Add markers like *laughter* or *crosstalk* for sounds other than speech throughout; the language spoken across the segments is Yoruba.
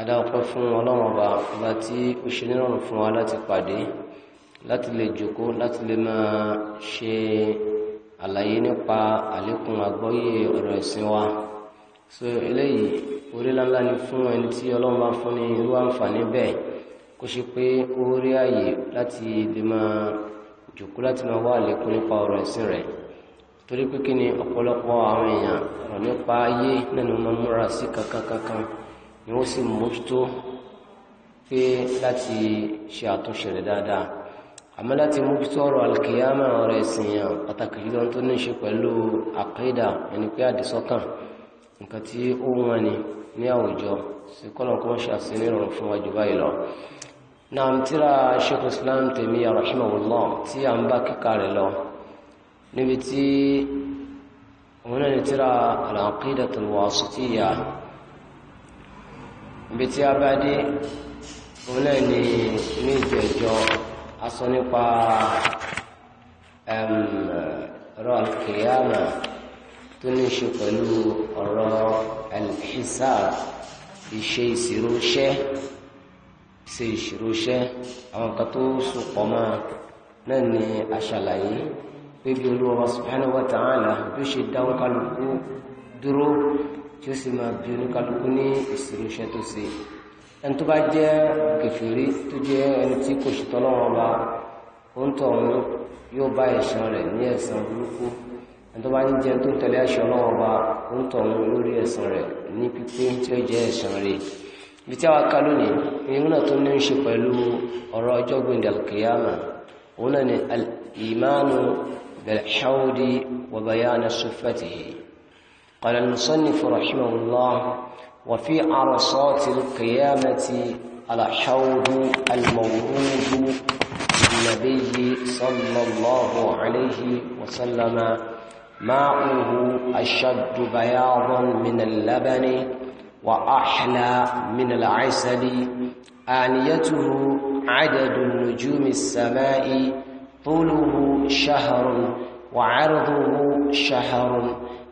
adáwọ̀pẹ́ fún ọlọ́run ọba ọba tí ó ṣe nírọ̀rùn fún wa láti pàdé láti lè jòkó láti lè máa ṣe àlàyé nípa àlékún àgbọ́yé ọ̀rọ̀ ẹ̀sìn wa so eléyìí orí ńláńlá ni fún ẹni tí ọlọ́run bá fún ní irú àǹfààní bẹ́ẹ̀ kó ṣe pé ó rí àyè láti lè máa jòkó láti máa wá àlékún nípa ọ̀rọ̀ ẹ̀sìn rẹ̀ torí pé kí ni ọ̀pọ̀lọpọ̀ àwọn èèyàn ọ̀rọ̀ nípa ayé náà ni sí kankan kankan ni wọ́n sì mójútó pé láti ṣe àtúnṣe rẹ̀ dáadáa àmọ́ láti mójútó ọ̀rọ̀ alkiyama ọ̀rọ̀ ẹ̀sìn yàn pàtàkì jùlọ tó ní ṣe pẹ̀lú àkídà ẹni pé àdìsọ́kàn nǹkan tí ó wọ́n ni ní àwùjọ sí kọ́nà kan ṣàṣì nírọ̀rùn fún wájú báyìí lọ náà tíra sheikh islam Taymiyya rahimahullah tí a ń bá kíkà rẹ̀ lọ níbi tí òun náà ní tíra al-aqidatul ibi tí a bá dé òun náà ni ní ìjẹjọ aṣọ nípa ọ̀rọ̀ alkiyama tó ní ṣe pẹ̀lú ọ̀rọ̀ alhisab ìṣe ìṣirò iṣẹ́ ṣe ìṣirò iṣẹ́ àwọn kan tó sopọ̀ mọ́ náà ni aṣàlàyé pé bí olúwa subhanahu wa ta'ala bí ó ṣe dáwọn kálukú dúró tí ó sì máa bí oníkálukú ní ìṣirò iṣẹ́ tó ṣe ẹni tó bá jẹ́ kẹfìrí tó jẹ́ ẹni tí kò ṣètò ọlọ́wọ́n ọba ó ń tọ̀ ọ́n yóò bá ẹ̀san rẹ̀ ní ẹ̀san burúkú ẹni tó bá ń jẹ tó ń tẹ̀lé ẹ̀san ọlọ́wọ́n ọba ó ń tọ̀ ọ́n lórí ẹ̀san rẹ̀ ní pípé tí ó jẹ́ ẹ̀san rẹ̀ ibi tí a wá ká lónìí irun náà tó ní ń ṣe pẹ̀lú ọ̀rọ̀ ọjọ́ gbìndẹ̀ òun al-imanu قال المصنف رحمه الله وفي عرصات القيامة الحوض المورود للنبي صلى الله عليه وسلم ماؤه أشد بياضا من اللبن وأحلى من العسل آنيته عدد نجوم السماء طوله شهر وعرضه شهر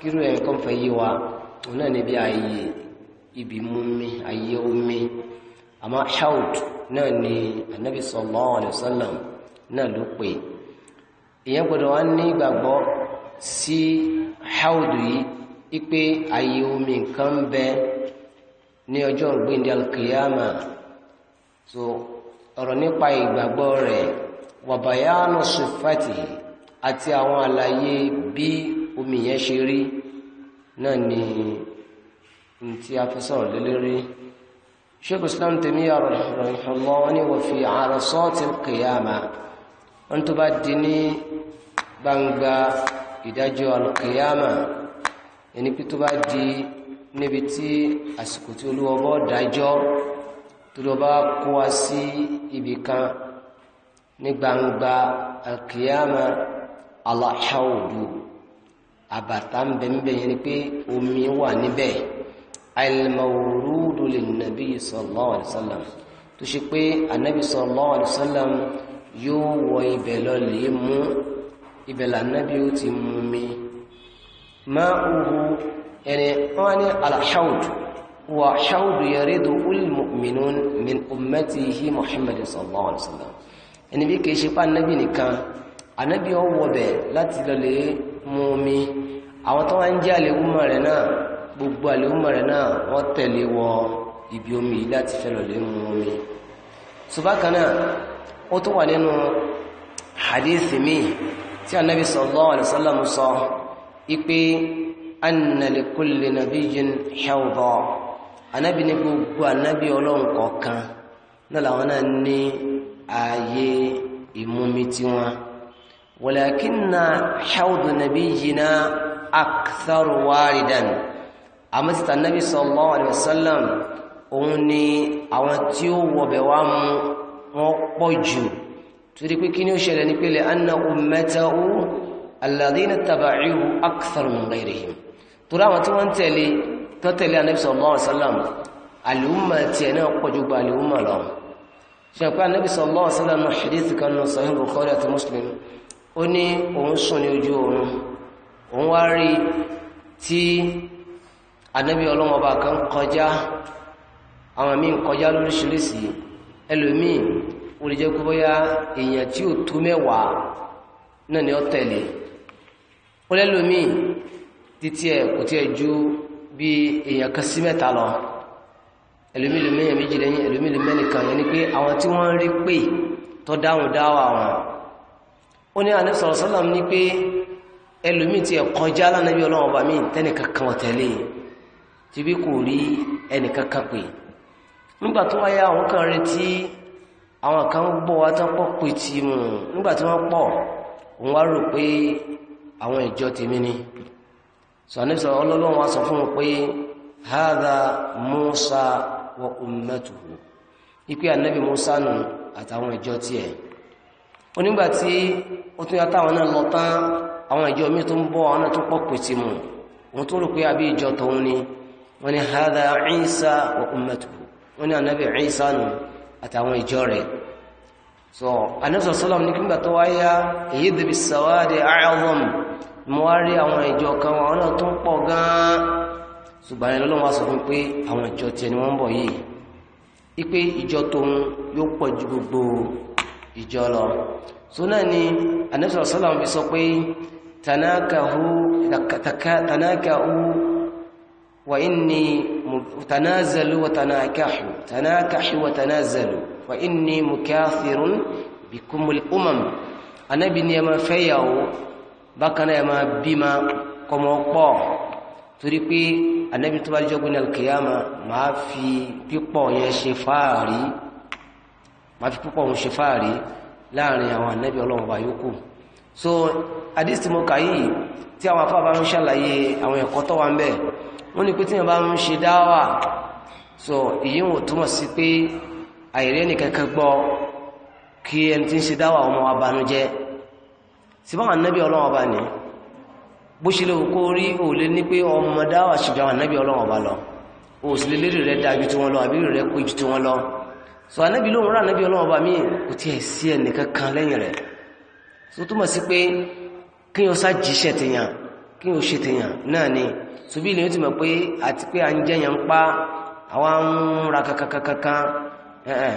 kírú ẹ̀ kọ́ fẹ́ yé wa òun náà níbi ààyè ibi múmi ààyè omi àmọ́ haud náà ni anabi sallallahu alayhi wa sallam náà ló pè ìyẹn gbọ́dọ̀ wá ní ìgbàgbọ́ sí haud yìí ipe ààyè omi nǹkan bẹ ní ọjọ́ ìgbéǹde alkiyama so ọ̀rọ̀ nípa ìgbàgbọ́ rẹ̀ wàbàyánù sùfàtì àti àwọn àlàyé bí omi yẹn ṣe rí náà ni ní tí a fẹ́ sọ̀rọ̀ lélẹ́rí sheikh islam Taymiyya rahimahullah wọn ni wọ́n fi arasati al-qiyamah wọn tó bá di ní gbangba ìdájọ́ al-qiyamah ẹni pé tó bá di níbi tí àsìkò tí olúwa bọ́ tó lọ bá kó wa sí ibì kan ní gbangba al-qiyamah àbàtà ń bẹ níbẹ̀ yẹn ni pé omi wà níbẹ̀ al-mawrudu lin-nabi sallallahu alaihi wasallam tó ṣe pé anabi sallallahu alaihi wasallam yóò wọ ibẹ̀ lọ lè mú ibẹ̀ lànàbí ó ti mú mi máa uhu ẹni wọ́n ní al wa hawd yaridu al-mu'minun min ummatihi muhammad sallallahu alaihi wasallam ẹni bí kìí ṣe pa anabi nìkan anabi ọwọ́ bẹ̀ láti lọ lè mu omi àwọn tó wọ́n ń jẹ́ àlèwúmọ̀ rẹ̀ náà gbogbo àlèwúmọ̀ rẹ̀ náà wọ́n tẹ̀lé wọ ibi omi yìí láti fẹ́ lọ mu omi ṣùgbọ́n náà ó tún wà nínú hadith mi tí anabi sallallahu alaihi wasallam sọ ipe anna li kulli nabiyyin hawda anabi ní gbogbo anabi ọlọ́run kọ̀ọ̀kan náà làwọn náà ní ààyè ìmumi tiwọn. ولكن حوض نبينا أكثر واردا أمست النبي صلى الله عليه وسلم òun ni àwọn tí ó wọ̀bẹ̀ wá mú wọn pọ̀ jù torí pé kí ni ó ṣẹlẹ̀ ní pẹ̀lẹ̀ anna ummatahu alladhina taba'uhu akthar min ghayrihim torí àwọn tí wọ́n tẹ̀lé tó tẹ̀lé anabi sallallahu alaihi wasallam àlùmọ̀ tiẹ̀ náà pọ̀ jù gba àlùmọ̀ lọ ṣe pé anabi sallallahu alaihi wasallam hadith kan nù sahih bukhari àti muslim ó ní òun sùn ní ojú oorun òun wá rí tí ànábì ọlọ́mọba kan kọjá àwọn míì kọjá lóríṣiríṣi ẹlòmíì ó lè jẹ́ kó bóyá èèyàn tí ò tó mẹ́wàá náà ni ó tẹ̀lé ó lẹ́lòmíì títí ẹ̀ kò tí ẹ̀ ju bí èèyàn kan sí mẹ́ta lọ ẹlòmíì lòmíì èèyàn méjì lẹ́yìn ẹlòmíì lòmíì nìkan yẹn ni pé àwọn tí wọ́n rí pé tó dáhùn dáwà wọn ó ní àní sọ̀rọ̀ sọ́làm ní pé ẹlòmí ti ẹ̀ kọjá lánàbí ọlọ́run ọba mi tẹ́nìkankan ọ̀tẹ̀lé e. tí bí kò rí ẹnìkankan pè nígbà tó wáyé àwọn kan retí àwọn kan gbọ́ wa tán pọ̀ pé ti mù nígbà tí wọ́n pọ̀ òun wá rò pé àwọn ìjọ tèmi ni sọ̀ní sọ̀rọ̀ ọlọ́run wa sọ fún un pé hadha Musa wa ummatuhu ipe anabi Musa nù àtàwọn ìjọ tiẹ̀ onígbàtí ó tún yàtọ̀ àwọn náà lọ tán àwọn ìjọ mi tó ń bọ́ àwọn náà tó pọ̀ pèsè mu wọn tó rò pé àbí ìjọ tòun ni wọn ni hadha Isa wa ummatuhu wọn ni anabi Isa nù àtàwọn ìjọ rẹ̀ so anẹ́sọ̀ sọ́lọ́m ní kígbà tó wáyá èyí dìbì sàwádìí àyàwọ̀m mọ́ wá rí àwọn ìjọ kan wọn náà tó ń pọ̀ gan-an ṣùgbọ́n ẹni lọ́wọ́ sọ fún pé àwọn ìjọ tiẹ̀ ni wọ́n ń bọ̀ yìí ipe ìjọ tóun yóò pọ̀ ju gbogbo ìjọ lọ so náà ni anẹ́sọ̀rọ̀ sọ́làmù fi sọ pé tanakahu wa inni tanazalu wa tanakahu tanakahu wa tanazalu wa inni mukathirun bikumul umam anabi ni ẹ máa fẹ́yàwó bákan náà ẹ máa bímọ kọmọ pọ̀ torí pé anabi tó bá jọ́gbìn alkiyama máa fi pípọ̀ yẹn ṣe fáàrí màtí púpọ̀ ń ṣe fáàrí láàrin àwọn so àdìsí mo kà yìí tí àwọn afá bá ń ṣàlàyé àwọn ẹ̀kọ́ tó wà ń bẹ̀ so iyo wò túmọ̀ sí pé àìrẹ́ nìkankan gbọ́ kí ẹni tí ń ṣe dáwà ọmọ wa banújẹ́ síbáwọn ànábì ọlọ́run ọba ni bó ṣe lè kó rí òòlé ní pé ọmọ dáwà ṣùgbọ́n ànábì ọlọ́run so anabi lóhun rà anabi ọlọ́wọ́ bá mi kò tí ẹ̀ sí ẹnìkan kan lẹ́yìn rẹ̀ so túmọ̀ sí pé kí yóò ṣàjíṣẹ́ tèèyàn kí yóò ṣe tèèyàn náà ni so bí ilé yóò ti mọ̀ pe àti pé à ń jẹyàn pa àwa ń ra eh. ẹ̀ẹ́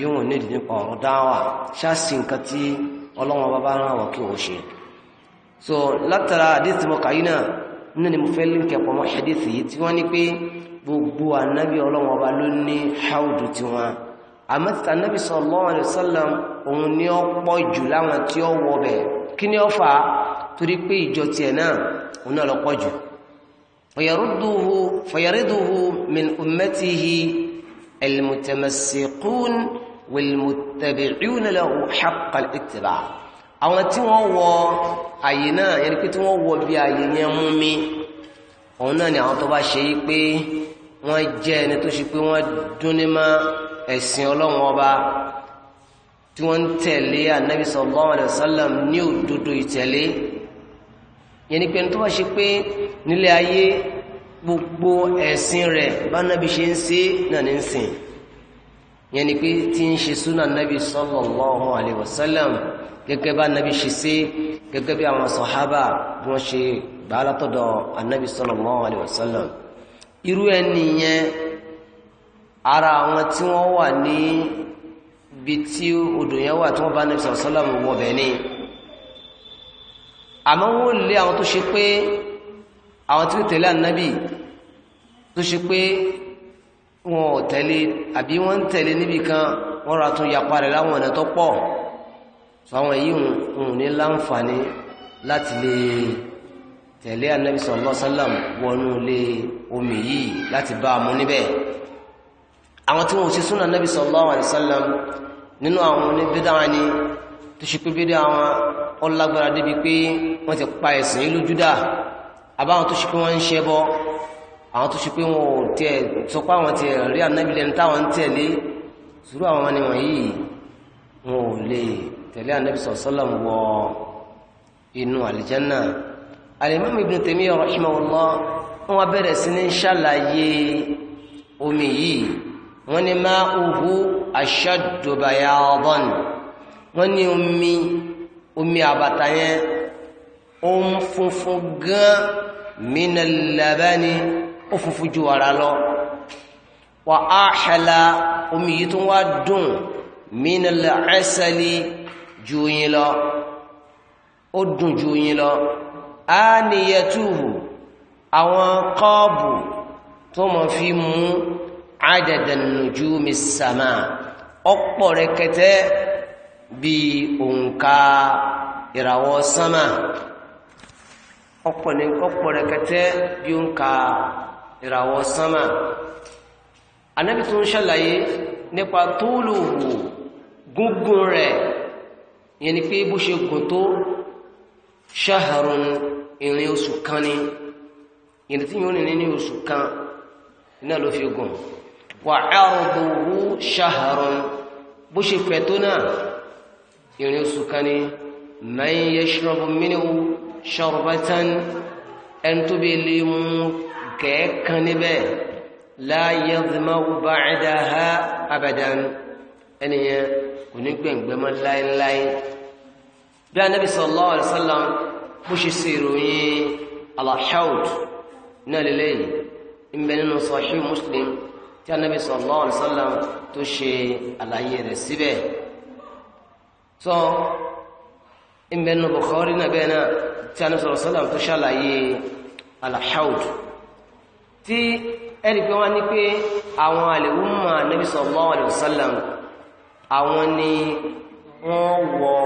yóò wọ̀n nídìí nípa ọ̀rọ̀ dáwà ṣáàṣì nǹkan tí ọlọ́wọ́ bá bá rán wọ̀ kí òun ṣe so látara àdéhùn tí mo kà yí náà nínú ni mo fẹ́ lé kẹ́pọ̀ mọ́ àdéhùn yìí tí wọ́n ní pé gbogbo ànábì ọlọ́wọ́ ọba ló ní háùdù tiwọn àmọ́tìta náàbì sallallahu alaihi wasallam òun ní ọ pọ̀ jù láwọn tí ó wọ bẹ̀ kí ni ó fà á torí pé ìjọ tiẹ̀ náà òun náà lọ pọ̀ jù fayariduhu min ummatihi almutamassiqun walmuttabi'una lahu haqqa jẹ́ ẹni tó ṣe pé wọ́n dún ní máa ẹ̀sìn ọlọ́run ọba tí wọ́n ń tẹ̀lé anabi sallallahu alayhi wa sallam ní òdodo ìtẹ̀lé yẹn ni pé tó bá ṣe pé nílé ayé gbogbo ẹ̀sìn rẹ̀ bá nábi ṣe ń ṣe náà ní ń sìn yẹn ni tí ara àwọn tí wọ́n wà ní ibi tí odò yẹn wà tí wọ́n bá ní sọ̀rọ̀ sọ́làmù wọ̀bẹ̀ ni àmọ́ wọ́n lé àwọn tó ṣe pé àwọn tí ó tẹ̀lé ànábì tó ṣe pé wọn tẹ̀lé àbí wọ́n ń tẹ̀lé níbì kan wọ́n ra tún yapa rẹ̀ láwọn ọ̀nà tó pọ̀ fáwọn èyí òun ní láǹfààní láti lè tẹ̀lé ànábì sallallahu alaihi wọnú ilé omi yìí láti bá a mú níbẹ̀ àwọn tí wọn ò ṣe súnà nàbì sallallahu alaihi wasallam nínú àwọn oníbídà wọn ni tó ṣe pé bídà wọn ó lágbára débi pé wọn ti pa ẹ̀sìn ìlú júdà àbáwọn tó ṣe pé wọn ń ṣẹbọ àwọn tó ṣe pé wọn ò tiẹ̀ sọ pé àwọn tiẹ̀ rí ànábì lẹ́nu táwọn ń tẹ̀lé sùúrù àwọn ọmọ nìwọ̀n yìí wọn ò lè tẹ̀lé ànábì sallallahu wọ inú àlìjánà Al-Imam Ibn Taymiyyah rahimahullah wọn bẹ̀rẹ̀ sí ní ṣàlàyé omi yìí wọ́n ní máa uhu ashaddu bayadan wọ́n ní omi omi àbàtà yẹn ó ń funfun gan minal labani ó funfun ju wàrà lọ wa ahla omi yìí tó wá dùn minal asali ju oyin lọ ó dùn ju oyin lọ aniyatuhu àwọn kọ́ọ̀bù tó mọ̀ fi mú adadan nujumi sama ọ̀pọ̀ rẹ̀kẹ̀tẹ̀ bí òǹkà ìràwọ̀ sama ọ̀pọ̀ ní ọ̀pọ̀ rẹ̀kẹ̀tẹ̀ bí òǹkà ìràwọ̀ sama anábì tó ń ṣàlàyé nípa tóòlùhù gúngún rẹ̀ yẹn ni pé bó ṣe gùn tó ṣáhàrùn ìrìn oṣù kan ni yẹn tí yóò ní ní oṣù kan náà ló fi gùn wà ẹ́rùbùwú ṣaharun bó ṣe fẹ̀ tó náà ìrìn oṣù kan ni man yashrabu minhu sharbatan ẹni tó bí lè mú kẹ́ẹ̀kan níbẹ̀ la yadhmau ba'daha abadan ẹniyẹn kò ní gbẹ̀ngbẹ̀ mọ́ láéláé bí Ànábì sallallahu alaihi bó ṣe sí ìròyìn alahawd náà lélẹ́yìn ń nínú Sahih Muslim tí anabi sallallahu alaihi wasallam tó ṣe àlàyé rẹ̀ síbẹ̀ tó ìmẹnu Bukhari náà bẹ́ẹ̀ náà tí anabi sallallahu alaihi wasallam tó ṣàlàyé alahawd tí ẹni pé wọn ní pé àwọn àlèwúmọ anabi sallallahu alaihi wasallam àwọn ni wọn wọ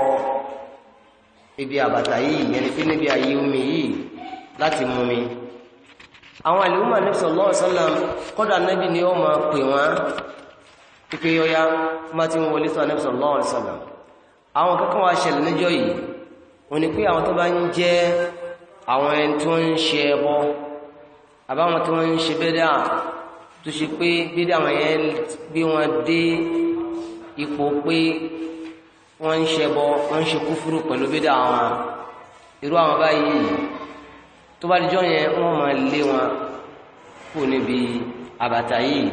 ibi àbàtà yìí yẹn ni pé níbi àyè omi yìí láti mú mi àwọn àlèhùnmà ní sallallahu alaihi wasallam kọ́dà nẹ́bì ni ó ma pè wọ́n pípé yọ́yá má ti ń wọlé tó ànẹ́bì sallallahu alaihi wasallam àwọn kankan wá ṣẹlẹ̀ níjọ́ yìí ò ní pé àwọn tó bá ń jẹ́ àwọn ẹni tó ń ṣe ẹbọ àbáwọn tó ń ṣe bẹ́dà tó ṣe pé bídà àwọn yẹn gbé wọn dé ipò pé wọ́n ń ṣẹbọ wọ́n ń ṣe kúfúrú pẹ̀lú bídà àwọn irú àwọn báyìí tó bá dijọ́ yẹn wọ́n máa lé wọn kú níbi àbàtà yìí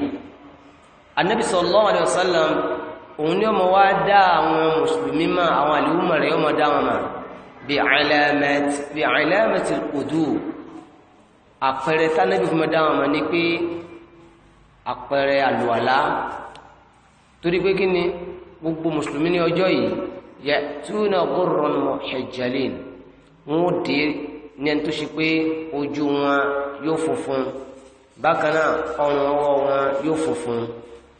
anabi sallallahu alayhi wa sallam òun ni ọmọ wa dá àwọn mùsùlùmí mà àwọn àlùmọ̀ rẹ̀ ọmọ dá wọn mà bí alamat bí alamat kudu àpẹẹrẹ tánàbí fún mi dá wọn mà ni pé àpẹẹrẹ àlùwàlá torí pé kí gbogbo mùsùlùmí ní ọjọ́ yìí yẹ túnà gurran muhajjalin wọn ó dé ní ẹni tó ṣe pé ojú wọn yóò funfun bákan náà ọrùn ọwọ́ wọn yóò funfun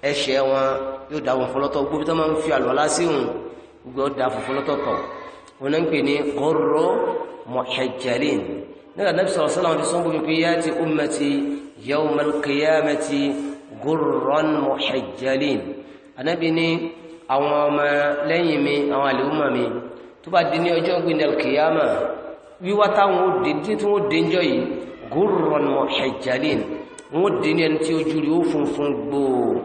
ẹsẹ̀ wọn yóò dà funfun lọ́tọ̀ gbogbo tó máa ń fi àlọ́ lásìwọ̀n gbogbo ó dà funfun lọ́tọ̀ tọ̀ wọn náà ń pè ní gọ́rọ́ mọ̀ẹ́jẹ̀lín nígbà náà sọ̀rọ̀ sọ́lá wọn ti sọ́n gbogbo pé ti ummati yawmal qiyamati gọ́rọ́n mọ̀ẹ́jẹ̀lín anábì ní àwọn ọmọ lẹ́yìn mi àwọn àlè wíwá táwọn ó dé tí wọ́n dé njọ́ yìí gurran muhajjalin wọ́n dé ní ẹni tí ojú rí ó funfun gbòò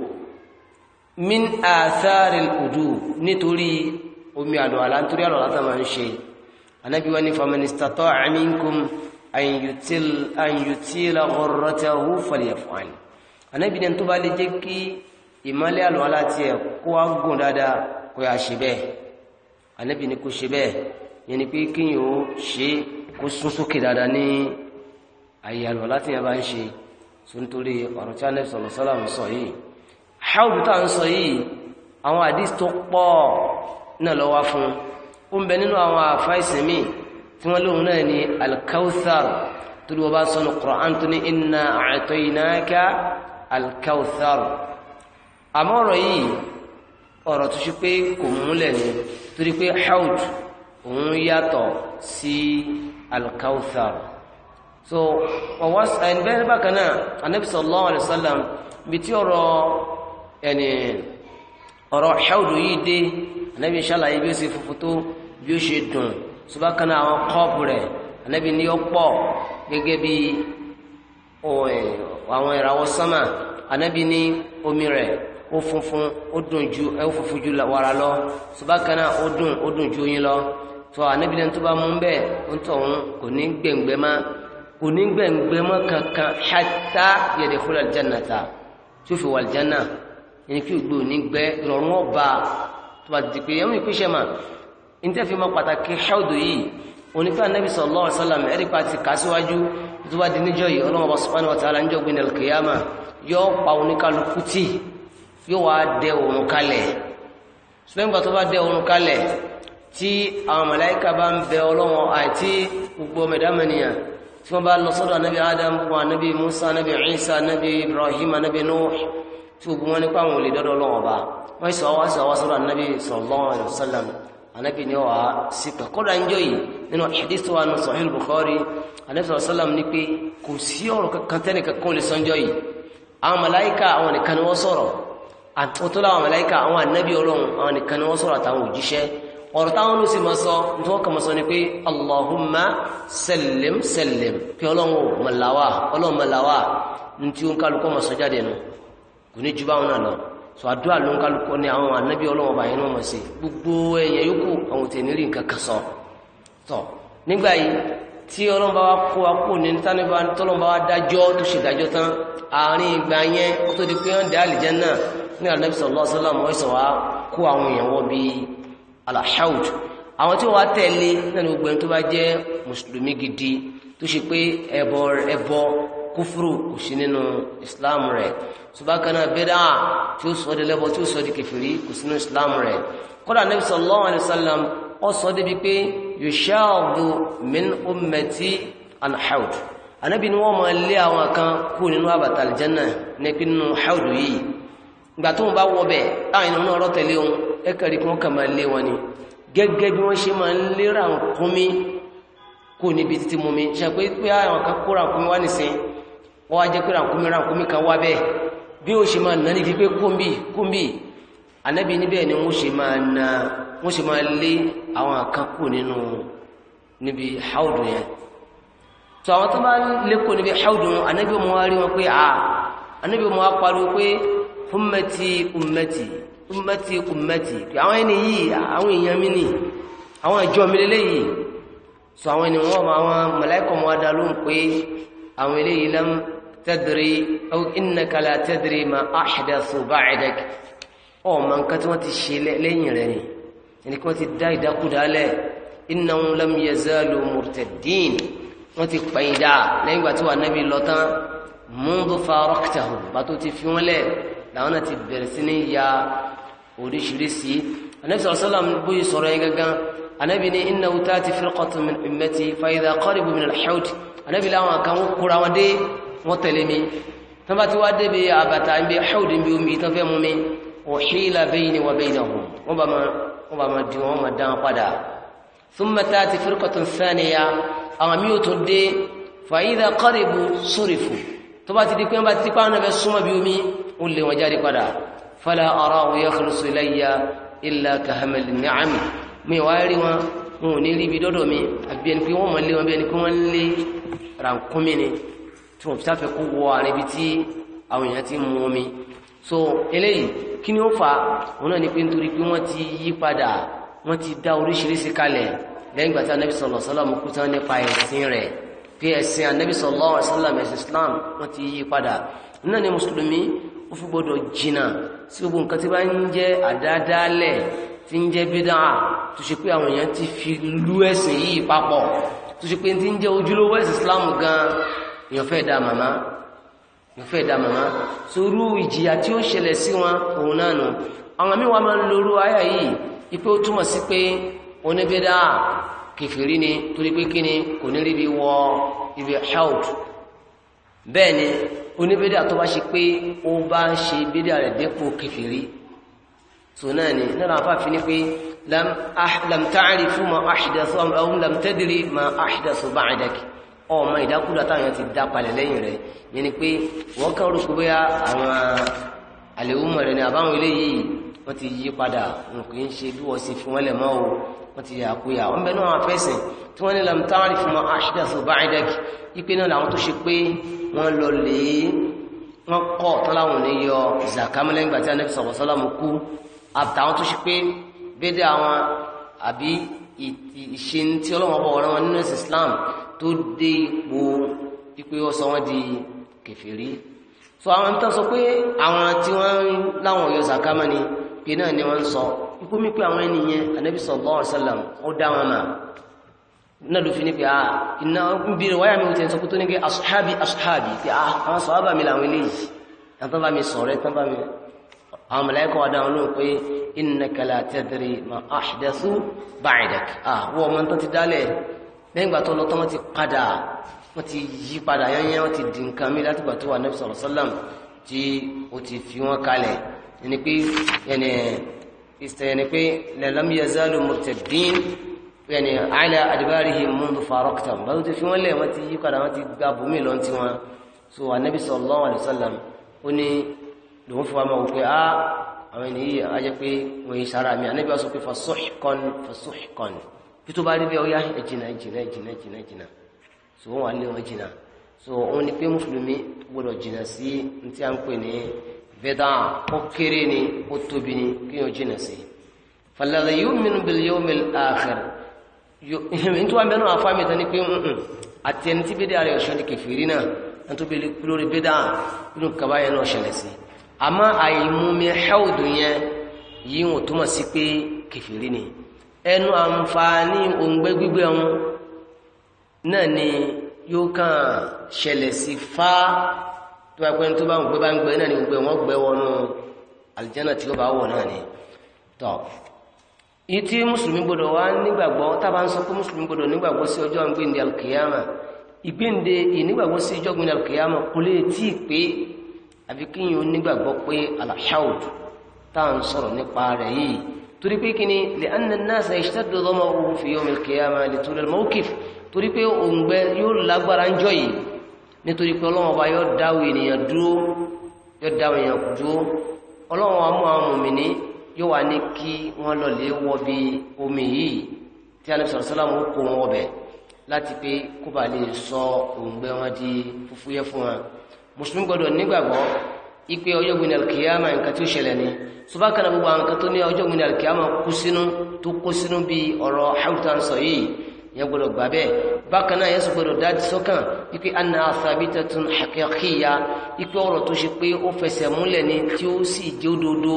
min athari al-wudu nítorí omi àlọ́ àlá nítorí àlọ́ látà máa ń ṣe anábí wọn ni faman istata'a minkum an yutila ghurratahu falyaf'al anábí ni tó bá lè jẹ́ kí ìmọ́lẹ̀ àlọ́ àlá tiẹ̀ kó á dáadáa kó yà ṣe bẹ́ẹ̀ anábí ni kó ṣe bẹ́ẹ̀ yẹn ni pé kíyàn ó ṣe kó sún sókè dáadáa ní àyè àlọ́ láti yẹn bá ń ṣe tó nítorí ọ̀rọ̀ tí Ànábì sallallahu alaihi wasallam sọ yìí ṣáàbù tá à ń sọ yìí àwọn àdìs tó pọ̀ náà lọ́wọ́ fún ó ń bẹ nínú àwọn àfáìsìn tí wọ́n lóhun náà ni alkawthar tó ló bá sọ́nà Qur'an tó ní inna a'tainaka alkawthar àmọ́ ọ̀rọ̀ yìí ọ̀rọ̀ tó ṣe pé kò múlẹ̀ ni torí pé haud òun yàtọ̀ sí alkawthar so ọwọ́ ẹnbẹ́ bákan náà anabi sallallahu alayhi wa sallam bí tí ọ̀rọ̀ ẹni ọ̀rọ̀ ṣáwùdù yìí dé anabi ṣàlàyé bí ó ṣe funfun tó bí ó ṣe dùn so bákan náà àwọn kọ́ọ̀pù rẹ̀ anabi ní ó pọ̀ gẹ́gẹ́ bí àwọn ìràwọ̀ sánmà anabi ní omi rẹ̀ ó funfun ó dùn ju ẹ ó funfun ju wàrà lọ so bákan náà ó dùn ó dùn ju oyin lọ sọ anabini tó bá mú bẹ́ẹ̀ ń tọ̀hún kò ní gbẹ̀ngbẹ́ má kò ní gbẹ̀ngbẹ́ má kankan hatta yẹ̀dẹ̀ fún alìjánà ta tí ó fi wà alìjánà ẹni kí ògbó ní gbẹ́ ìrọ̀rùn ọba tó bá ti pé ẹ̀mú ìpínṣẹ́ mà ń tẹ́ fi mọ pàtàkì ṣáòdò yìí onífẹ́ anabi sallallahu alaihi wasallam ẹ̀rí pa ti kà síwájú tó bá di níjọ́ yìí ọlọ́mọba subhanahu wa ta'ala níjọ́ gbin alkiyama yóò pa oníkálukú tì yóò wá dẹ òun kalẹ̀ tí àwọn màláíkà bá ń bẹ ọlọ́wọ́n àti gbogbo mẹ̀dámẹ́nìyàn tí wọ́n bá lọ sọ́dọ̀ anabi adam wa anabi musa anabi isa anabi ibrahim anabi nuh tí gbogbo wọn nípa àwọn olè dọ́dọ̀ ọlọ́wọ́n bá wọ́n sọ wá sọ wá sọ́dọ̀ anabi sallallahu alaihi wasallam anabi ni wàá sípè kọ́dà ń jọ yìí nínú hadith wa nù sahih bukhari anabi sallallahu alaihi wasallam ni pé kò sí ọ̀rọ̀ ọ̀rọ̀ táwọn ló sì máa sọ ní wọ́n kàn máa sọ ni pé allahumma sallim sallim pé ọlọ́run ò mọ̀láwà ọlọ́run mọ̀láwà ní tí ó ń kálukọ́ máa sọ jáde nù kò ní ju báwọn náà lọ sọ àdúrà ló ń kálukọ́ ní àwọn anábì ọlọ́run ọba yẹn náà mọ̀ sí gbogbo ẹ̀yẹ yòókù àwọn tẹ̀ ní rí wọ́n dẹ́ àlìjẹ́ alahawd àwọn tí wọ́n tẹ̀lé náà ni gbogbo ẹni tó bá jẹ́ mùsùlùmí gidi tó ṣe pé ẹbọ ẹbọ kúfúrú kò sí nínú islam rẹ̀ subakana bẹ́dà tí ó sọ di lẹ́bọ tí ó sọ di kẹfìrí kò sí nínú islam rẹ̀ kódà nabi sallallahu alayhi wa sallam ó sọ débi pé yushaadu min ummati alhawd anabi ni wọ́n máa lé àwọn kan kú nínú àbàtà nípínú hawd yìí ìgbà bá wọ bẹ́ẹ̀ táwọn ènìyàn náà rọ́ tẹ̀lé ẹkàrí kí wọ́n kà máa lé wọn ni gẹ́gẹ́ bí wọ́n ṣe máa ń lé ràkúnmí kò níbi títí mú mi ṣe pé pé àwọn kan kó ràkúnmí wá nìsín wọ́n wá jẹ́ pé ràkúnmí ràkúnmí kan wá bẹ́ẹ̀ bí ó ṣe máa nà níbi pé kúmbì kúmbì ànábì níbẹ̀ ni wọ́n ṣe máa na wọ́n ṣe máa lé àwọn kan kù nínú níbi haudu yẹn tó àwọn tó bá lé kù níbi haudu ànábì mo wá rí wọn pé à ànábì mo wá pariwo pé ummati ummati ummati ummati pé àwọn ẹni yìí àwọn èèyàn mi ni àwọn ìjọ mi lélẹ́yìí so àwọn ẹni wọ́n ma wọn mọ̀láìkọ̀ mọ́ dá lóhùn pé àwọn eléyìí lam tadri aw innaka la tadri ma ahdathu ba'dak ọmọ nǹkan tí wọ́n ti ṣe lẹ́yìn rẹ̀ ni ẹni kí wọ́n ti dá ìdákúdálẹ̀ innahum lam yazalu murtaddin wọ́n ti pẹ̀yìn dá lẹ́yìn ìgbà tí wà nábì lọ tán mundu faraktahu bàtó ti fi wọ́n lẹ̀ làwọn ti bẹ̀rẹ̀ sí ya oríṣiríṣi anabi sallam bó yìí sọ̀rọ̀ yẹn gangan anabi ní inna utati firqatun min ummati fa idha qaribu min al-hawd anabi láwọn kan ń kura wọn dé wọn tẹ̀lé mi tán bá ti wá débi àbàtà ń bẹ hawd ń bẹ omi tán fẹ́ mú mi uhila bayni wa baynahum wọn bá máa wọn bá máa di wọn máa dán padà thumma tati firqatun thaniya àwọn mi ò tún dé fa idha qaribu tó bá ti di pé wọn bá ti pa àwọn fala arahu yakhlusu ilayya illa kahamil ni'am mi wá rí wọn wọn ò ní rí ibi dọ́dọ̀ mi àbí ẹni pé wọ́n mọ̀ lé wọn bí ẹni pé wọ́n lé rànkúnmí ni tí wọ́n fi sáfẹ́ kó wọ àrùn ibi tí àwọn èèyàn ti mú omi so eléyìí kí ni ó fà wọn náà ni pé nítorí pé wọ́n ti yí padà wọ́n ti dá oríṣiríṣi kalẹ̀ lẹ́yìn ìgbà tí anabi sallallahu alaihi wasallam kú tán nípa ẹ̀sìn rẹ̀ pé ẹ̀sìn anabi sallallahu alaihi wasallam ẹ̀sìn islam wọ́n ti yí padà náà ni mùsùlùmí ó fi gbọ́dọ̀ jìnnà sí gbogbo nǹkan tí bá ń jẹ́ àdáadáalẹ̀ tí ń jẹ́ bídà tó ṣe pé àwọn èèyàn ti fi lú ẹ̀sìn yìí papọ̀ tó ṣe pé ti ń jẹ́ ojúlówó ẹ̀sìn Islam gan èèyàn fẹ́ da màmá èèyàn fẹ́ da màmá sorú ìjìyà tí ó ṣẹlẹ̀ sí wọn òun náà nù àwọn míì wà máa ń lorú ayà yìí ipé ó túmọ̀ sí pé oníbídà kìfìrí ni torí pé kí kò ní ríbi wọ ibi health bẹ́ẹ̀ ni oníbídà tó bá ṣe pé ó bá ń ṣe bídà rẹ̀ dépò kẹfìrí tó náà ni náà fàáfin ní pé ah, lam ta'rifu ma ahdathu aw lam tadri ma ahdathu ba'dak ọmọ ìdákúdà táwọn ti dá palẹ̀ lẹ́yìn rẹ̀ yẹn ni pé wọ́n kàn rúkú àwọn àlèwúmọ̀ rẹ̀ ni àbáwọn eléyìí wọ́n ti yí padà nǹkan ń ṣe bí wọ́n sì fi wọ́n lẹ̀ mọ́ o wọ́n ti yàkúyà wọ́n bẹ̀rẹ̀ náà fẹ́sìn tí wọ́n ní lamtari fún wọn aṣídàṣù báyìdẹ́kì ipe náà làwọn tó ṣe pé wọ́n lọ lè wọ́n kọ́ tán ní yọ zakamẹ́lẹ́ nígbà tí anabi sọ̀rọ̀ sọ́lámù kú àtàwọn tó ṣe pé bédè àwọn àbí ìṣe tí ọlọ́wọ́n Islam tó dé ipò pípé ó sọ so àwọn tó sọ pé àwọn tí wọ́n láwọn yọ zakamẹ́lẹ́ pé náà ni wọ́n ń sọ ikú mi pé àwọn ẹni yẹn anabi sallallahu alaihi wasallam ó dá wọn mà náà ló fi ní pé ah iná ń bí wáyà mi ò tẹ̀ ń sọ pé tó ní pé asuhabi asuhabi pé ah àwọn sọ̀rọ̀ bá mi làwọn eléyìí àwọn tó bá mi sọ̀rọ̀ tó bá mi àwọn mọ̀lẹ́kọ̀ ọ̀dá wọn ló pé innaka la tadri ma ahdathu ba'dak ah wọ́n ọmọ tó ti dálẹ̀ lẹ́yìn ìgbà tó lọ tán wọ́n ti padà wọ́n ti yí padà yányán wọ́n ti dì nǹkan mi látìgbà tó wà nabi sallallahu alaihi wasallam tí ti fi wọ́n kalẹ̀ ẹni pé ẹni ìsẹ̀yẹni pé lẹ́lọ́mí yazalu murtaddin ẹni ala adbarihim mundu faraktam bá tó fi wọ́n lẹ̀ wọ́n ti yí padà wọ́n ti gba bùnmí lọ́n ti wọn so anabi sallallahu alayhi wa sallam ó ní lòun fi wá máa wò pé á ah, àwọn ènìyàn yìí á jẹ́ pé wọ́n yìí sára mi anabi wa sọ pé fasuhqan fasuhqan kí tó bá rí bí ọ yá ẹ̀jìnà ẹ̀jìnà ẹ̀jìnà ẹ̀jìnà ẹ̀jìnà so wọ́n wà lé wọn jìnà so òun ni pé mùsùlùmí gbọ́dọ̀ jìnà sí ní tí a ń pè ní bid'a ó kéré ni ó tóbi ni kí yóò jìnà sí falladhi yu'minu bil yawmil akhir yìí *laughs* tó wà mẹ́nu ni? tán ní pé àti ẹni tí bídà rẹ̀ ọ̀ṣọ́ ní kẹfìrí náà ẹni tó bèèrè lórí bídà inú kaba yẹn náà ṣẹlẹ̀ sí àmọ́ àìmúmi hẹ́ọ̀dù yẹn yìí wọ́n túmọ̀ sí pé kẹfìrí ni ẹnu àǹfààní òǹgbẹ́ gbígbẹ́ wọn náà yóò kàn ṣẹlẹ̀ sí tó bá gbé tó bá ń gbé bá ń gbé náà ni gbé wọn gbé wọnú àlìjánà tí ó bá wọ náà ni tọ ìtí mùsùlùmí gbọ́dọ̀ wá nígbàgbọ́ tábà ń sọ pé mùsùlùmí gbọ́dọ̀ nígbàgbọ́ sí ọjọ́ ìgbéǹde alkiyama ìgbéǹde ìnígbàgbọ́ sí ọjọ́ ìgbéǹde alkiyama kò lè tí ì pé àfi kí yìí ó nígbàgbọ́ pé alahawd tá à ń sọ̀rọ̀ nípa rẹ̀ yìí torí pé kí ni lè anna nasa ishtaddu dhama'uhu fi yawm alkiyama li tul almawqif torí pé òǹgbẹ yóò lágbára ń jọ yìí nítorí pé ọlọ́wọ́n ọba yóò dáwọ ènìyàn dúró yóò dáwọ ènìyàn dúró ọlọ́wọ́n amú àwọn mùmíní yóò wá ní kí wọ́n lọ lè wọ bí omi yìí tí a lè sọ̀rọ̀ sọ́lámù kó wọn ọbẹ̀ láti pé kó bá lè sọ òǹgbẹ wọn di fúfúyẹ́ fún wọn mùsùlùmí gbọdọ̀ nígbàgbọ́ ipe ọjọ́ gbin alkiyama nǹkan tí ó ṣẹlẹ̀ ni ṣùgbọ́n kan náà gbogbo àwọn nǹkan tó ní ọjọ́ gbin alkiyama kú sínú tó kó sínú bí ọ̀rọ̀ hautan sọ yìí ìyẹn gbọdọ̀ gbà bẹ́ẹ̀ bákan náà yẹn sì gbọdọ̀ dájú sọ́kàn wípé anna thabitatun haqiqiyya wípé ọ̀rọ̀ tó ṣe pé ó fẹsẹ̀ múlẹ̀ ni tí ó sì jẹ́ òdodo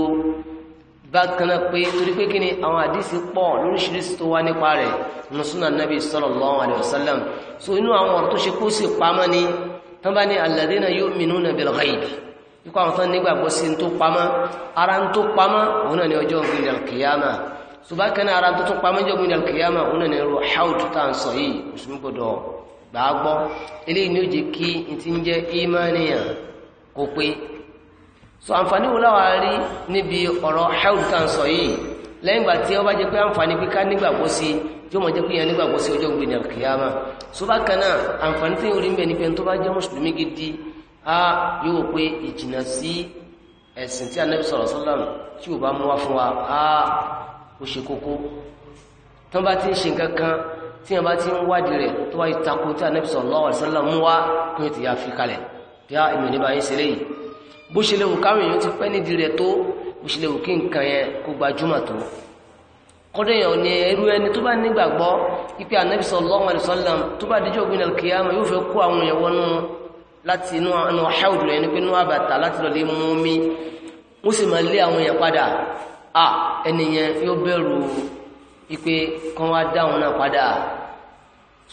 bákan náà pé torí pé kí ni àwọn àdísì pọ̀ lóríṣiríṣi tó wá nípa rẹ̀ nùsùnà nàbì sallallahu alaihi wasallam so inú àwọn ọ̀rọ̀ tó ṣe kó sì pamọ́ ni tán bá ní alladhina yu'minuna bil ghaib ikú àwọn tán nígbàgbọ́ sí tó pamọ́ ara ń tó pamọ́ òun náà ni ọjọ́ ògbìyànjú ṣùgbọ́n kan ara tó tún pamọ́ jọ́gbìn alkiyama òun náà ní ẹrù haudu tá à ń sọ yìí mùsùlùmí gbọdọ̀ gbà ní ó jẹ́ kí n ti ń jẹ́ imaniyan kó pé so àǹfààní wo láwa rí níbi ọ̀rọ̀ haudu tá à ń sọ yìí lẹ́yìn ìgbà tí ó bá jẹ́ pé àǹfààní pé nígbàgbọ́ sí tí ó mọ̀ jẹ́ pé yẹn nígbàgbọ́ sí ọjọ́ gbìn alkiyama ṣùgbọ́n kan náà àǹfààní tí ó rí mbẹ́ gidi á yóò pé ìjìnà sí ẹ̀sìn tí anabi sọ̀rọ̀ ó ṣe kókó tó bá ti ń ṣe nǹkan kan tí wọ́n bá ti ń wádìí rẹ̀ tó wáyé takò tí Ànábì sallallahu alaihi wasallam mú wá kí wọ́n ti yà fi kalẹ̀ bí a èmi ò ní bá yín ṣe léyìí bó ṣe léwu káwọn èèyàn ti pẹ́ nídìí rẹ̀ tó bó ṣe léwu kí nǹkan yẹn kó gbajúmọ̀ tó kọ́dọ̀ èèyàn ní ẹrú ẹni tó bá nígbàgbọ́ ipe Ànábì sallallahu alaihi tó bá dijọ́ gbin al yóò fẹ́ kó àwọn èèyàn wọnú láti inú ọ̀hẹ́wùdù rẹ̀ ní pé inú àbàtà láti lọ lé mú mi wọ́n sì máa lé àwọn èèyàn padà à ẹnìyẹn yóò bẹ̀rù ipe kan wá dáhùn náà padà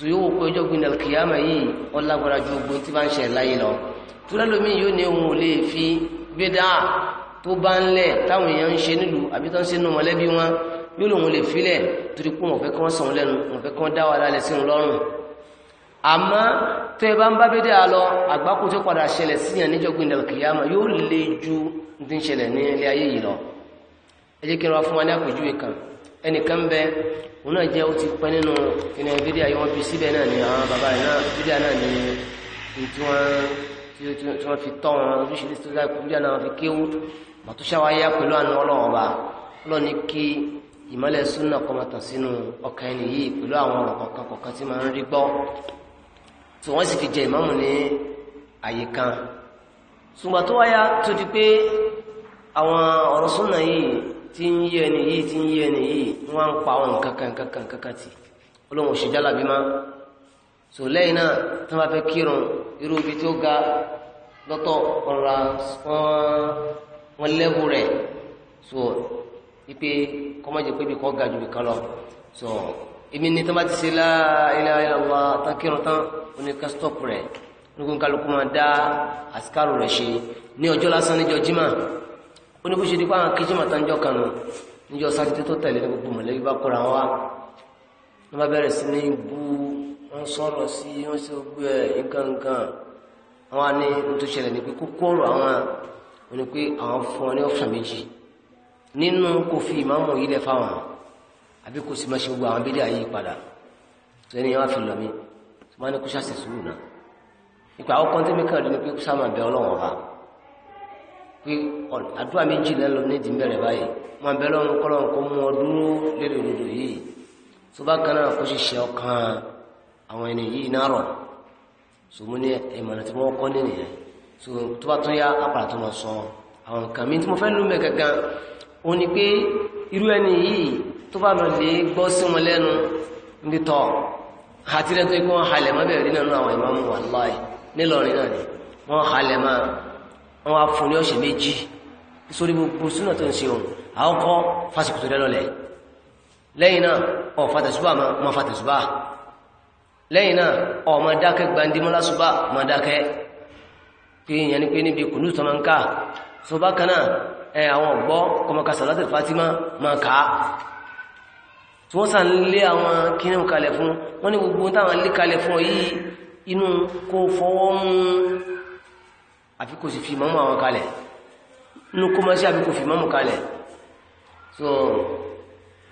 tó yóò kó ẹjọ́ gbin alkiyama yìí ọlágbára ju ogun tí bá ń ṣe láyé lọ tura lomi yóò ní òun ò lè fi gbéda tó bá ń lẹ̀ táwọn èèyàn ń ṣe nílùú àbí tó ń ṣe nínú mọ̀lẹ́bí wọn yóò lòun lè filẹ̀ torí pé wọn fẹ́ kí wọ́n sàn lẹ́nu wọn fẹ́ kí wọ́n dá wàhálà lẹ̀ sínú lọ́rùn àmọ́ tó ẹ bá ń bá bídẹ́ àlọ àgbákò tó padà ṣẹlẹ̀ síyàn níjọ́gbìn dàlùkìyàmọ̀ yóò le ju ní ti ń ṣẹlẹ̀ ní ilé ayé yìí lọ ẹjẹ́ kí wọ́n fún wa ní àpèjúwe kan ẹnìkan bẹ òun náà jẹ́ ó ti pẹ́ nínú kìnà bídíà yìí wọ́n fi síbẹ̀ náà ní àwọn bàbá rẹ̀ náà bídíà náà ní tí wọ́n fi tọ́ wọn oríṣiríṣi tó dá bídíà náà fi kéwú màtúṣà wa yá pẹ̀lú àánú ọlọ́wọ́n ọba ọlọ́ni kí ìmọ̀lẹ̀ súnà kọ́mọ̀tàn sínú ọkàn ẹni yìí pẹ̀lú àwọn ọ̀rọ̀ kọ̀ọ̀kan tí ń yí ẹni yìí tí ń yí ẹni yìí wọ́n ń pa ohun kankan kankan kankan tì òṣèjá làbí má so lẹ́yìn náà tí wọ́n bá fẹ́ kírun irú ibi tí ó ga lọ́tọ̀ ọ̀ra wọn lẹ́bù rẹ̀ so ipe kọ́mọ́jẹ pé ibi kan ga ju ibi kan lọ so èmi ni tí bá ti ṣe la ilaha illallah tán kírun tán oníkan stop rẹ̀ nígbà kálukú máa dá àsìkárò rẹ̀ ṣe ní ọjọ́ lásán níjọ́ jimá. oníbó ṣe di pé àwọn kejì ń jọ kanu níjọ sátidé tó tẹ̀lé ní gbogbo mọ̀lẹ́bí bá kóra wọn wá wọn bá bẹ̀rẹ̀ sí ní bú wọn sọ̀rọ̀ sí gbé ẹ̀ e ní n tó ṣẹlẹ̀ ní pé kókó ọ̀rọ̀ àwọn òní pé àwọn fún ọ ní ọ̀fà méjì nínú kò fi ìmáàmù yìí lẹ̀ fáwọn àbí kò sì máa ṣe gbogbo àwọn yìí fi lọ mí wọ́n á ní kó pé àdúrà méjì lẹ́nu nídìí bẹ̀rẹ̀ báyìí máa bẹ̀rẹ̀ ọ̀run kọ́ lọ́run kó mú ọ dúró lérè òdodo yìí tó bá kan náà kó ṣiṣẹ́ ọkàn àwọn ẹni yìí náà rọ̀ so mo ní ìmọ̀nà tí wọ́n kọ́ nìyẹn so tó bá tún yá apàrà tó máa sọ àwọn nǹkan mi tí mo fẹ́ lù mẹ́ gangan ó ní pé irú ẹni yìí tó bá lọ lè gbọ́ sí wọn lẹ́nu níbi tọ́ àti lẹ́tọ́ ikú wọn halẹ̀ mọ́ bẹ̀rẹ̀ nínú àwọn ìmọ̀ wọn wá fún ní ọ̀sẹ̀ méjì sórí gbogbo súnà tó ń ṣe òun àwọn kọ́ fásitì tó dẹ́lọ́lẹ̀ lẹ́yìn náà ọ̀ fàtẹ̀sùbà ma fàtẹ̀sùbà lẹ́yìn náà ọ̀ ma dákẹ́ gbandimọ́lásùbà ma dákẹ́ pé èèyàn ni pé níbi kùnú tó máa ń ká so bákan náà ẹ àwọn ọ̀gbọ́ kọmọkà sàlátì Fatima ma kà á tí wọ́n sàn lé àwọn kíní kalẹ̀ fún wọ́n ní gbogbo táwọn lé kalẹ̀ fún ọ yìí inú kó fọwọ́ mú àfi kò sì fi mọ́mọ́ àwọn kalẹ̀ inú kó mọ́ sí àfi kò fi mọ́mọ́ kalẹ̀ so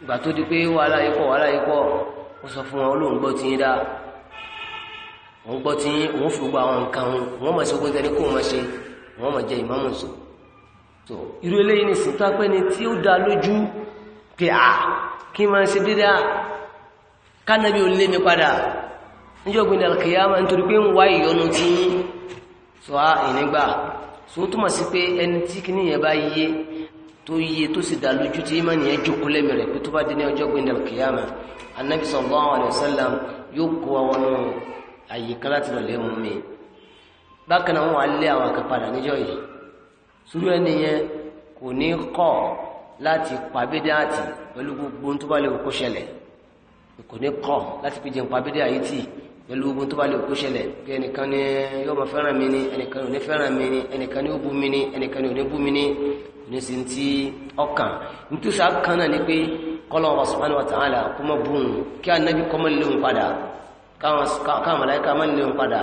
ìgbà tó di pé wàhálà yìí pọ̀ wàhálà yìí pọ̀ ó sọ fún wọn olóhùn gbọ́ tí yín dá òun gbọ́ tí yín òun fi gbogbo àwọn nǹkan òun wọ́n mọ̀ sí ogun tẹ́lẹ̀ kó wọ́n ṣe wọ́n mọ̀ jẹ́ ìmọ̀mù sùn so irú eléyìí ní sùn tápẹ́ ni tí ó dá lójú pé à kí máa ṣe dédé kánábí ò lé mi padà níjọ́ gbìndàlùkìyà máa ń torí pé ń wá ìyọnu tí so a ìnígbà so túmọ̀ sí pé ẹni tí kìíní yẹn bá yé tó yé tó sì dá lójú tí ìmọ̀ nìyẹn jókòó lẹ́mìí rẹ̀ pé tó bá di ní ọjọ́ gbẹ̀ndẹ̀ kìyàmà anabi sallallahu alayhi wa sallam yóò kó àwọn àyè kan láti lọ lẹ́mú mi bákan náà wọn á lé àwọn akẹ́padà níjọ́ yìí sùúrù ẹni yẹn kò ní kọ́ láti pàbídé àti pẹ̀lú gbogbo tó bá lè kó ṣẹlẹ̀ kò ní kọ́ láti fi jẹun pàbídé àyè tì pẹ̀lú ogun tó bá lè kó ṣẹlẹ̀ pé ẹnìkan ní yóò máa fẹ́ràn mi ní ẹnìkan ní ò ní fẹ́ràn mi ní ẹnìkan ní ó bú mi ní ẹnìkan ní ò ní bú mi ní kò ní sí ti ọkàn nítòsí àkàn náà ni pé kọ́lọ̀ wa subhanahu wa ta'ala kó mọ́ bùn kí anabi kọ́ mọ́ léwu padà káwọn màláíkà mọ́ léwu padà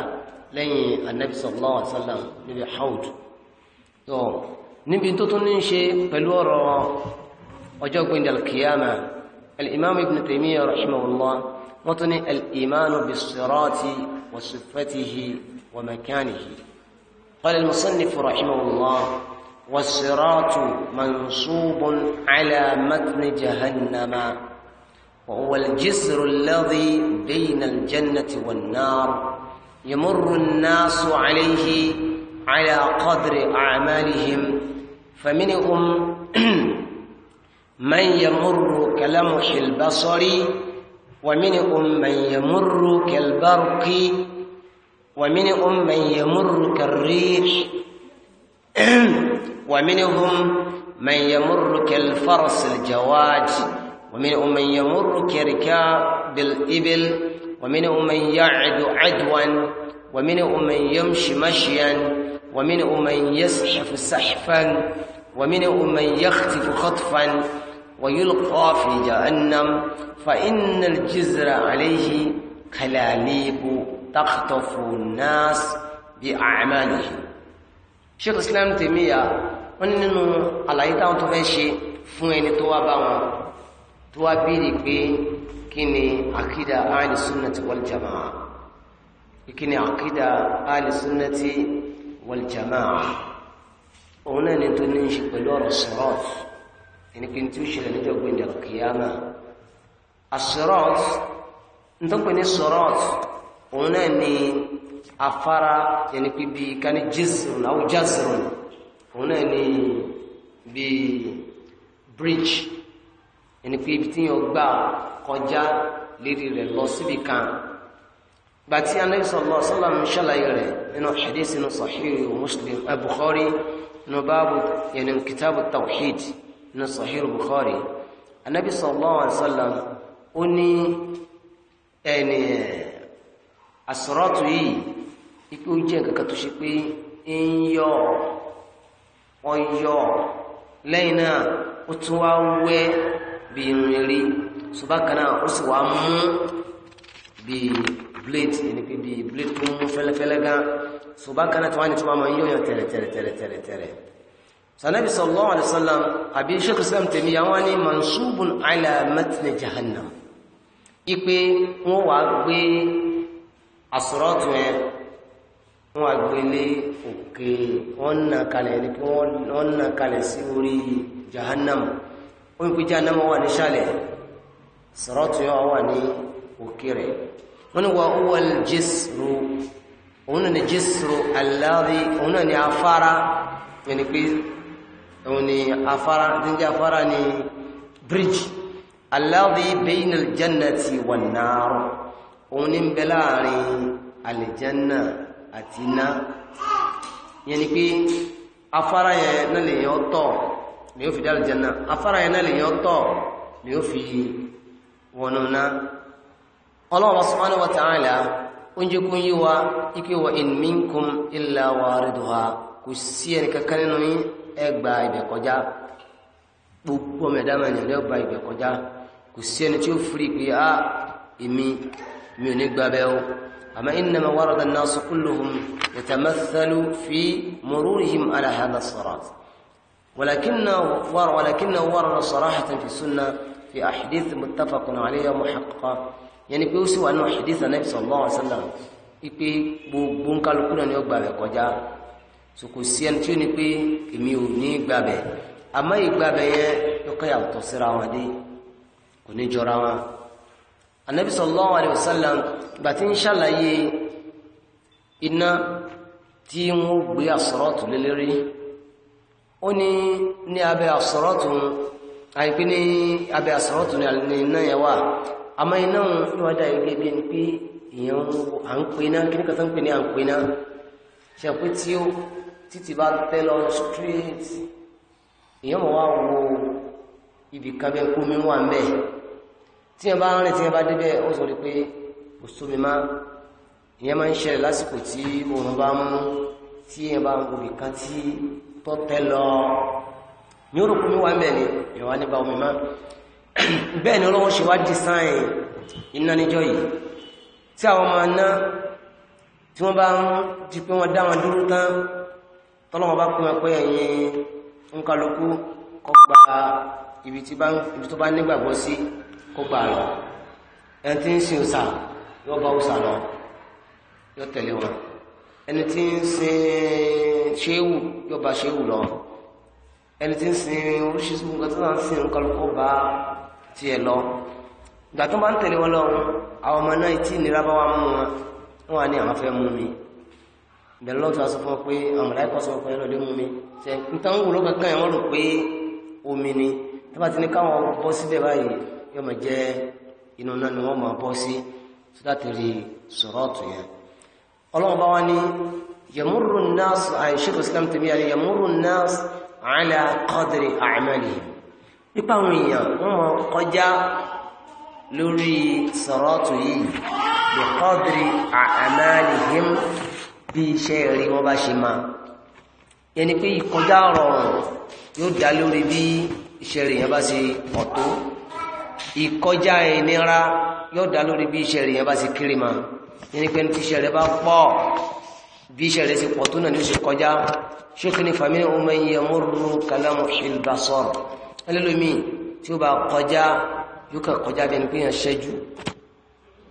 lẹ́yìn anabi sallallahu alaihi wasallam níbi haud níbi tó tún ní ṣe pẹ̀lú ọ̀rọ̀ ọjọ́ gbẹ̀ndàl kìyàmà al-imam ibn taymiyyah وطن الإيمان بالصراط وصفته ومكانه قال المصنف رحمه الله والصراط منصوب على متن جهنم وهو الجسر الذي بين الجنة والنار يمر الناس عليه على قدر أعمالهم فمنهم *clears throat* من يمر كلمح البصر ومنهم من يمر كالبرق ومنهم من يمر كالريح *clears throat* ومنهم من يمر كالفرس الجواج ومنهم من يمر كركاب الإبل ومنهم من يعد عدوا ومنهم من يمشي مشيا ومنهم من يسحف سحفا ومنهم من يختف خطفا ويلقى في جهنم فإن الجزر عليه كلاليب تخطف الناس بأعماله شيخ الإسلام تيمية wọ́n nínú àlàyé táwọn tó fẹ́ ṣe fún ẹni tó wá bá wọn tó wá bèèrè pé kí ni àkídà alìsúnnàtí wàljàmáà kí ni àkídà alìsúnnàtí wàljàmáà òun náà ni tó ní ṣe pẹ̀lú ọ̀rọ̀ sọ̀rọ̀ ẹni pé tí ó ṣẹlẹ̀ níjọ́ gbẹ̀ndẹ̀ kìyàmà asirọ́t ntọ́pẹ̀ ní sọ́rọ́t òun náà ni afárá ẹni pé bíi kání jésìrún àwọn jásìrún òun náà ni bíi bridge ẹni pé ibi tí yàn gbà kọjá lérí rẹ̀ lọ síbi kan gbàtí anabi sallallahu nínú ní Sahih Bukhari anabi sallallahu alaihi wasallam ó ní ẹni àsọ̀rọ̀tù yìí ikú jẹ́ nǹkan kan tó ṣe pé ń yọ ọyọ lẹ́yìn náà ó tún wá wẹ́ bí irun eré ṣùgbọ́n kan náà ó sì wá mú bí blade ẹni pé bí blade tó mú fẹ́lẹ́fẹ́lẹ́ gan ṣùgbọ́n kan náà tí wọ́n á ní tí wọ́n máa ń yọ̀yàn tẹ̀rẹ̀tẹ̀rẹ̀tẹ̀rẹ̀tẹ̀rẹ̀ sanabi sallallahu alaihi wasallam àbí sheikh islam tèmi àwọn ni mansubun ala matni jahannam ipe wọ́n wá gbé asratu e wọ́n wá gbé lé òkè wọ́n nà kalẹ̀ ni pé wọ́n wọ́n nà kalẹ̀ sí orí jahannam wọ́n pé jahannam wà ní sàlẹ̀ asratu yo wà ní òkè rẹ̀ wa huwal jisru wọ́n ní jisru alladhi wọ́n ní afárá yani òun ni afárá tí ń jẹ́ afárá ni bridge alladhi bayna aljannati wan nar òun ni ń bẹ láàrin aljanna àti iná yẹn ni pé afárá yẹn náà lè yàn tọ̀ lè yóò fi dá aljanna afárá yẹn náà lè yàn tọ̀ lè yóò fi wọnú náà Allah subhanahu wa ta'ala oúnjẹ kún yí wa ike wa in minkum illa wariduha kò sí ẹnìkankan nínú yín ẹgbà ibẹ̀ kọjá púpọ̀ mẹ́dámà ní ọ̀gbà ibẹ̀ kọjá kò gba ibẹ̀ kọjá gbogbo ọmọ ẹ̀dá máa ibẹ̀ kọjá kò sí ẹni tí ó firi pé a èmi mi ò ní gba bẹ́ẹ̀ o furi pe a emi mi o ni gbabe o amo innama warada an-nasu kulluhum yatamathalu fi mururihim ala hadha as-sirat ولكنه ولكنه ورد صراحة في السنة في أحاديث متفق عليها محققة yẹni pé ó sì wà ní hadith Ànábì sallallahu alaihi ipe gbogbo ń náà ni ó gbà kọjá so kò sí ẹni tí ó ní pé èmi ò ní gbàbẹ̀ àmọ́ ìgbàbẹ̀ yẹn ló kọ́ yàtọ̀ síra wọn dé kò ní jọra wọn anabi sallallahu alayhi wa sallam ìgbà ń ṣàlàyé iná tí wọ́n gbé àsọ̀rọ̀tù lélẹ́rí ó ní ní abẹ́ àsọ̀rọ̀tù àìpé ní abẹ́ àsọ̀rọ̀tù ní iná yẹn wà àmọ́ iná níwájá ìgbé bí ẹni pé à ń pe iná kí ń pè ní à ń iná ṣe pé tí ó títí bá tẹ́ lọ straight èèyàn mọ̀ wá wo ibì kan bẹ́ẹ̀ kú mi wà mẹ́ tí yẹn bá ń rìn tí yẹn bá débẹ̀ ó sọ pé kò sómi má ìyẹn máa ń ṣẹlẹ̀ lásìkò tí oòrùn bá mú tí yẹn bá ń wo kan tí tọ́ tẹ́ lọ ní orúkú mi wà mẹ́ ni ìwà ní bá omi má *clears throat* bẹ́ẹ̀ ni ọlọ́wọ́ ṣe wá design iná níjọ́ yìí tí àwọn ọmọ aná tí wọ́n bá ń di pé wọ́n dá wọn dúró tán tọ́lọ́mọba pín wọn pé ẹ̀yin nkálukú kó gba ibi tó bá nígbàgbọ́ sí kó gbà lọ ẹni tí ń sin òòṣà yóò bá òòṣà lọ yóò tẹ̀lé wọn ẹni tí ń sin ṣéwù yóò bá ṣéwù lọ ẹni tí ń sin oríṣiríṣi nǹkan tó náà ń sin nkálukú bá tiẹ̀ lọ ìgbà tó bá ń tẹ̀lé wọn lọ àwọn ọmọ náà tí ìnira bá wà mú wọn wọn wà ní àwọn fẹ́ mú mi bẹ̀rẹ̀ lọ́wọ́ tí wọ́n sọ fún ọ pé àwọn mọ̀láìkọ́ sọ pé ẹlọ́dẹ mú mi ṣe nǹkan ń wò ló kankan yẹn wọ́n rò pé omi ni tó bá ti ní káwọn bọ́ síbẹ̀ báyìí yóò máa jẹ́ inú náà ni wọ́n máa bọ́ sí tó láti yẹn. ọlọ́run bá wá ní yamurru nas àìṣèkò islam tèmi àti yamurru nas ala qadri a'malihim nípa àwọn èèyàn wọ́n máa kọjá lórí sọ̀rọ̀ ọ̀tún yìí bi qadri a'malihim bí iṣẹ́ rí wọ́n bá ṣe máa yẹn ni pé ìkọjá rọrùn yóò dá lórí bí iṣẹ́ rí yẹn bá ṣe pọ̀ tó ìkọjá ìnira yóò dá lórí bí iṣẹ́ rí yẹn bá ṣe kéré máa yẹn ni pé ní iṣẹ́ rẹ bá pọ̀ bí iṣẹ́ rẹ ṣe pọ̀ tó náà ni ó ṣe kọjá ṣókè ní fàmílì ọmọ ẹ̀yẹ mọ́rùrù kàlámù ìlbàṣọ́rọ̀ ẹlẹ́lómi tí ó bá kọjá yóò kọjá bí ẹni pé yẹn ṣẹ́jú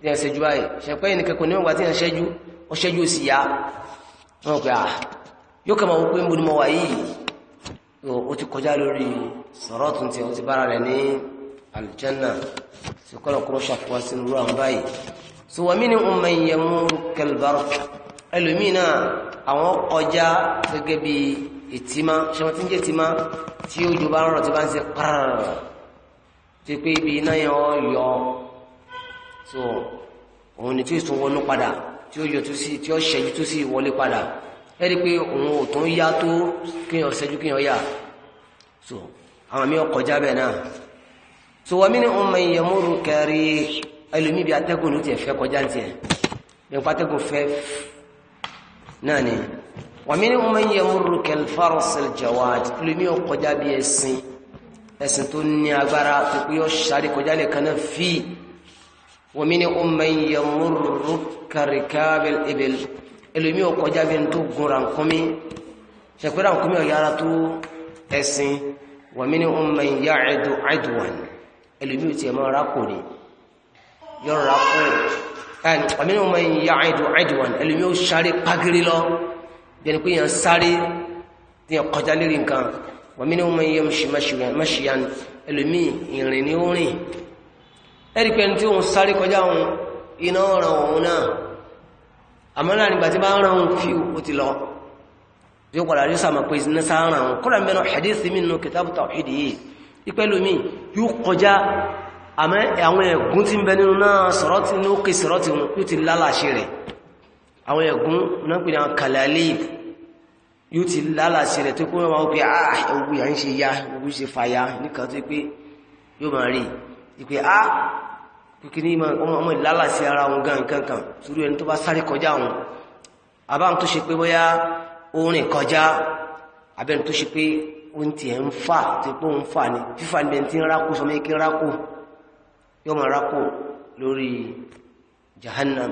yẹn ṣẹ́jú báyìí ṣẹ̀pẹ́ yìí nìkan kò wọ́n ṣẹ́jú sí ya wọ́n pẹ́ à yóò kẹ́mọ̀ wọ́n pé ń bú ní mọ́ wà yìí ó ti kọjá lórí sọ̀rọ̀ tún ti ó ti bára rẹ̀ ní aljanna tí kọ́nà kúrò ṣàfihàn sínú rú àwọn báyìí so wà mí ní ọmọ ìyẹn mú kẹlbàrọ̀ ẹlòmíì náà àwọn kọjá gẹ́gẹ́ bí ìtìmá ṣẹmọ tí ń jẹ́ ìtìmá tí ó jọba rọrọ̀ tí bá ń ṣe pàrọ̀ tí pé ibi iná yẹn ọ yọ so òun ni tí ó sọ wọnú padà tí ó yọtú sí tí ó ṣẹ́jú tó sì wọlé padà ẹ rí i pé òun ò tó ń yá tó kéèyàn ṣẹ́jú kéèyàn yà so àwọn mi ò kọjá bẹ́ẹ̀ náà so wà mí ni òun mọ ìyẹn múru kẹrí ẹlòmíì bí atẹ́gùn ló tiẹ̀ fẹ́ kọjá tiẹ̀ nípa atẹ́gùn fẹ́ náà ni wà mí ni òun ìyẹn múru kẹrí fárọ̀sẹ̀l jawad ẹlòmíì ò kọjá bí ẹṣin ẹṣin tó ní agbára tó pé ó ṣàrí kọjá lè kan fíì. ومنهم من يمر كركاب الإبل ẹlòmí ò kọjá bí n tó gun rànkúnmí ṣẹ̀pẹ́ rànkúnmí ọ̀yára tó ẹ̀sìn ومنهم من يعد عدوا ẹlòmí ò tiẹ̀ máa rákò ni yọ̀ọ́ rákò ومنهم من يعد عدوا ẹlòmí ò sáré pagiri lọ yẹni pé yẹn sáré yẹn kọjá lérí nǹkan ومنهم من يمشي مشيا ẹlòmí ìrìn ni ó rìn ẹ̀rí pé ẹni tí òun sáré kọjá òun iná ràn òun náà àmọ́ náà nígbà tí bá ń ràn òun fi ó ti lọ yóò padà rí sàmà pé iná sááràn òun kọ́lá mẹ́rin hadithi mi nù kitabu tawhid yìí ipẹ́ lómi yóò kọjá àmọ́ àwọn ẹ̀gún tí ń bẹ nínú náà sọ̀rọ̀ tí ní ó ké sọ̀rọ̀ tí yóò ti lálàṣe rẹ̀ àwọn ẹ̀gún náà pè ní àwọn tó kó wọ́n wọ́n pé àà ah, ogun yà ń ṣe ya ogun ṣe fàyà nìkan tó pé yóò máa rí ìpè á kìkìní ọmọ ìlàlà sí ara wọn gan kankan sórí ẹni tó bá sáré kọjá wọn àbáwọn tó ṣe pé bóyá orin kọjá abẹ́ni tó ṣe pé oun tiẹ̀ ń fà tí pé òun fà ní fífà ní ẹni tí ń rákò sọmọ ike rákò yóò máa rákò lórí jahannam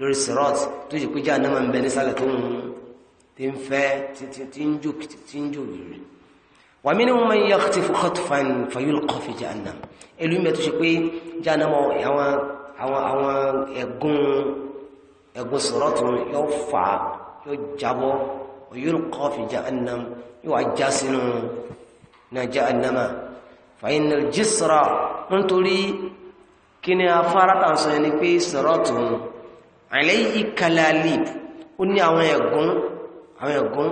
lórí sirat tó ṣe pé jahannam ń bẹ nísàlẹ̀ tó ń fẹ́ tí ń jò wà mí ní wọn máa ń yakhtifu khatfan fayulqa fi jahannam ẹlú mi tó ṣe pé jahannam àwọn àwọn àwọn ẹ̀gún ẹ̀gún sọ̀rọ̀ tó yọ fà yọ jábọ́ yulqa fi jahannam yóò wá já sínú náà jahannama fàyín jisra nítorí kí ni afárá tà sọ yẹn pé sọ̀rọ̀ tó ń àlẹ́ yìí ó ní àwọn ẹ̀gún àwọn ẹ̀gún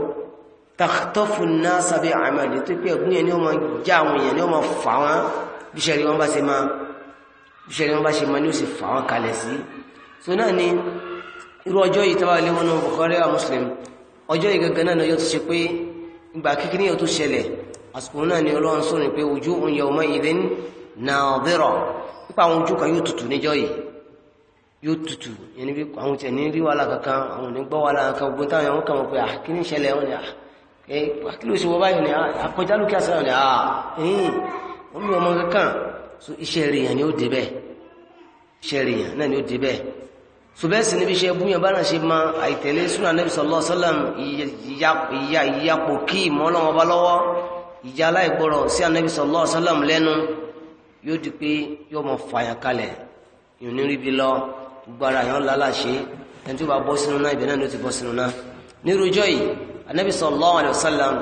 tàkítọ́fù náà sábẹ́ àmàlì tó pé ẹ̀gún yẹn ni ma já àwọn èèyàn ni o ma fà wọ́n bíṣẹ́rí wọn bá ṣe máa bíṣẹ́rí wọn bá ṣe sì fà kalẹ̀ sí so náà ni irú ọjọ́ yìí tọ́wà lé wọnú bukari wa Muslim ọjọ́ yìí gangan náà yóò ti ṣe pé ìgbà kíkiri yóò tó ṣẹlẹ̀ àsìkò náà ni ọlọ́run sọ̀rọ̀ pé ojú òun yẹ ọmọ ìdí nàdírọ̀ nípa àwọn ojú kan yóò tutù yìí yóò tutù yẹn ni bí àwọn tẹ̀ ní rí wàhálà kankan àwọn ò ní gbọ́ wàhálà kankan Eh, kí ló ṣe wọ báyìí ní àkọjálù kí a sára ní àà ẹ̀yìn wọ́n ní ọmọ kankan so ni ó dé bẹ́ẹ̀ iṣẹ́ rèèyàn náà ni ó dé bẹ́ẹ̀ so bẹ́ẹ̀ sì níbi iṣẹ́ búyàn bá náà ṣe ma àìtẹ̀lé súnà nẹ́bí sallallahu alaihi wasallam ìyapò kí ìmọ̀ ọlọ́wọ́ bá lọ́wọ́ ìyá aláìgbọ́rọ̀ sí ànẹ́bí sallallahu alaihi wasallam lẹ́nu yóò di pé yóò mọ fàyàn kalẹ̀ yóò ní ríbi lọ gbára yàn lálàṣe ẹni tó bá bọ́ sínú náà ibẹ̀ náà ló ti bọ́ sínú náà nírú ọjọ́ yìí anabi sallallahu alayhi wa sallam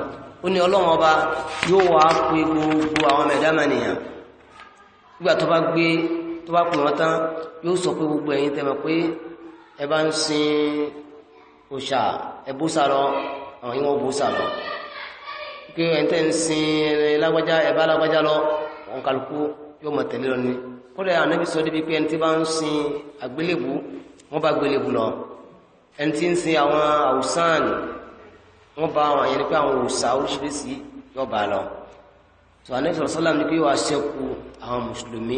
ó ní ọlọ́run ọba yóò wá pé gbogbo àwọn mẹ̀dámẹ́nìyàn nígbà tó bá gbé tó bá pè wọ́n tán yóò sọ pé gbogbo ẹ̀yin tẹ́ mọ̀ pé ẹ bá ń sin òòṣà ẹ bó sá lọ àwọn yìí wọ́n bó sá lọ pé ẹ̀yin tẹ́ ń sin lágbájá ẹ bá lágbájá lọ wọn kálukú yóò anabi sọ débi pé ẹni tí bá ń sin àgbélébù wọ́n bá gbélébù lọ ẹni tí ń sin àwọn wọ́n bá àwọn àyẹ̀ni pé àwọn òòṣà oríṣiríṣi yóò bá lọ tó àná ìṣòro sálàm ni pé yóò aṣẹ́kù àwọn mùsùlùmí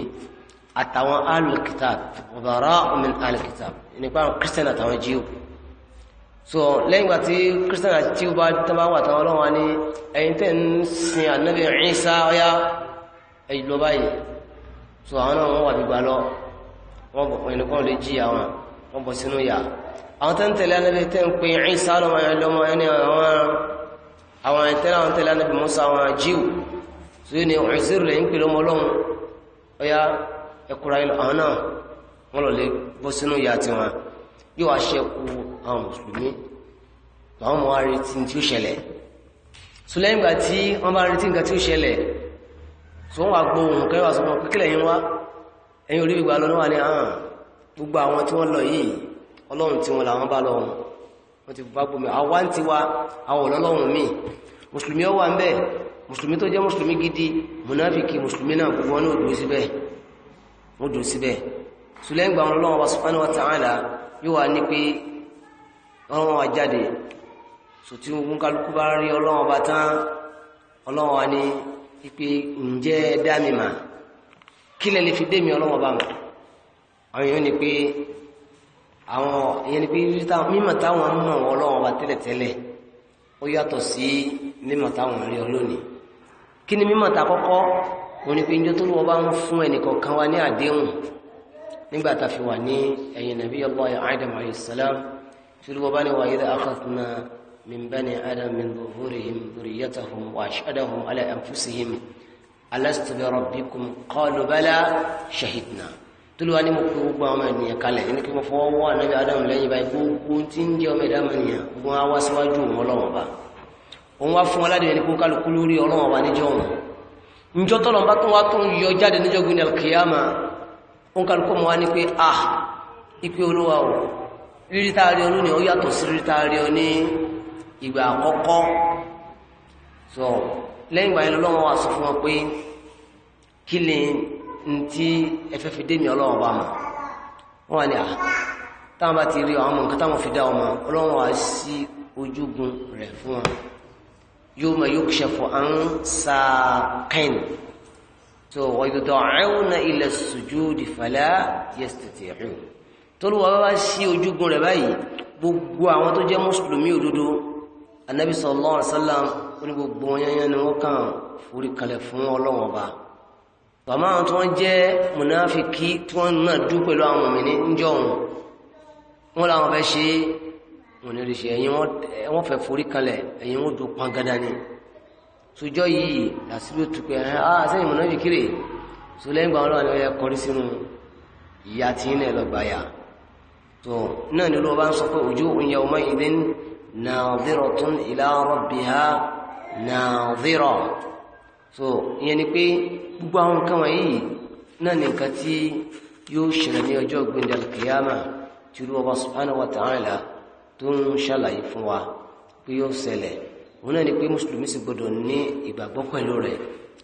àtàwọn alùkìtàb ọ̀bàrà min alùkìtàb nípa àwọn kírísítẹ̀nì àtàwọn jíò so lẹ́yìn ìgbà tí kírísítẹ̀nì àti jíò bá tábà wà táwọn ọlọ́wọ́ ni ẹ̀yin tẹ̀ ń sin ànábì Ìsá ọ̀yá ẹ̀yìn lọ báyìí so àwọn náà wọ́n wà gbígbà lọ wọ́n bọ̀ pẹ̀lú àwọn tó ń tẹ̀lé anábì tẹ́ ń pè ẹ̀yìn sáàlọ́ wọn lọ́mọ ẹni àwọn ìtẹ́lẹ̀ àwọn tẹ̀lé anábì Musa àwọn jíù tó ní Uzairu lẹ́yìn pè lọ́mọ ọlọ́run ọya ẹkùnrin ilẹ̀ àwọn náà wọ́n lọ lè bọ́ sínú ìyá tiwọn yóò wá ṣẹ́kù àwọn mùsùlùmí àwọn ọmọ wa retí tí ó ṣẹlẹ̀ so lẹ́yìn ìgbà tí wọ́n bá retí nǹkan tí ó ṣẹlẹ̀ so wọ́n wá ohun kẹwàá sọ fún yín wá ẹ̀yìn orí ìgbà lọ wà ní àhàn gbogbo àwọn tí wọ́n lọ yìí ọlọ́run tí wọn làwọn bá lọ́run wọ́n ti bá gbòmí àwa ń tiwa àwọn ọlọ́run mi mùsùlùmí ọwà ń bẹ́ẹ̀ mùsùlùmí tó jẹ́ mùsùlùmí gidi Munafiki, mùsùlùmí náà gbogbo wọn náà dùn síbẹ̀ wọ́n dùn síbẹ̀ sùlẹ́yìn gbà wọn lọ́wọ́ subhanahu wa ta'ala yóò wá ní pé ọlọ́run wa jáde sòtí wọn kálukú bá rí ọlọ́run ọba tán ọlọ́run wa ní pípé ǹjẹ́ dá mi mà kí lè fi dé mi ọlọ́run ọba mà àwọn èèyàn ní pé àwọn ìyẹn ni pé mímọ̀ táwọn mọ̀ wọn lọ́wọ́ wa tẹ́lẹ̀tẹ́lẹ̀ ó yàtọ̀ sí mímọ̀ táwọn rí ọlọ́ni kí ni mímọ̀ ta kọ́kọ́ wọn ni pé njẹ́ tó lọ́wọ́ bá ń fún ẹnìkọ̀ọ̀kan wa ní àdéhùn nígbà tá a fi wà ní ẹ̀yìn nàbí Allah Adam alayhi salam tí lọ́wọ́ bá ní wa idha akhadna min adam min zuhurihim dhurriyyatahum wa ashhadahum ala anfusihim alastu bi rabbikum qalu bala shahidna tolúwa ni mo fi gbogbo àwọn ènìyàn kalẹ̀ ní kí mo fọwọ́ wọ́ ànábì Ádámù lẹ́yìn báyìí gbogbo tí ń jẹ́ ọmọ ẹ̀dá mọ̀nìyàn gbogbo wa wá síwájú òun ọlọ́wọ́n bá òun wá fún aládìyẹ ní kó kálukú lórí ọlọ́wọ́n bá níjọ́ òun níjọ́ tọ́lọ̀ bá tún wá tún yọ jáde níjọ́ gbin alkiyama òun kálukú mọ́ wá ní pé a ipe olúwa o rírí tá a rí ọlú ni ó yàtọ̀ sí rírí tá a rí ọ ní ìgbà àkọ́kọ́ so lẹ́yìn ìgbà yẹn lọ́wọ́ wá sọ ntí ẹfẹ́ fi dé mi ọlọ́run bá mọ̀ wọ́n wà ní à táwọn bá ti rí àwọn ọmọ nǹkan táwọn fi dá ọmọ ọlọ́run wà sí ojúgun rẹ̀ fún wọn yóò mọ̀ yóò ṣẹ̀fọ̀ à ń sa kain tó wọ́yọ̀dọ̀ ẹ̀wọ̀n náà ilẹ̀ sujudi fala yastati'un tolúwa bá sí ojúgun rẹ̀ báyìí gbogbo àwọn tó jẹ́ mùsùlùmí òdodo anabi sallallahu alaihi ó ní gbogbo wọn yányán ni wọ́n kàn forí kalẹ̀ fún ọlọ́run ọba àmọ́ àwọn tí wọ́n jẹ́ mùnáfíkì tí wọ́n náà dú pẹ̀lú àwọn mọ̀mìnì ń jọ òun wọ́n làwọn fẹ́ ṣe wọ́n ní ríṣẹ́ ẹ̀yìn wọ́n fẹ́ forí kalẹ̀ ẹ̀yìn wọ́n dùn pangada ni sójọ́ yìí làsíbí ó tupẹ́ ah sẹ́yìn mùnáfíkì rè so lẹ́yìn gbà wọn lọ́wọ́ ni wọ́n yẹ kọrí sínú ìyá tí ń lẹ̀ lọ́gbàáyà tó náà ni olóòbá ń sọ pé wujuhun yawma'idhin nadhiratun so ìyẹn ni pé gbogbo àwọn nǹkan wọ̀nyí náà ni nǹkan tí yóò ṣẹlẹ̀ ní ọjọ́ gbẹ̀ndẹ̀ kìyàmà tí Olúwa subhanahu wa ta'ala tó ń ṣàlàyé fún wa pé yóò ṣẹlẹ̀ òun náà ni pé mùsùlùmí sì gbọdọ̀ ní ìgbàgbọ́ pẹ̀lú rẹ̀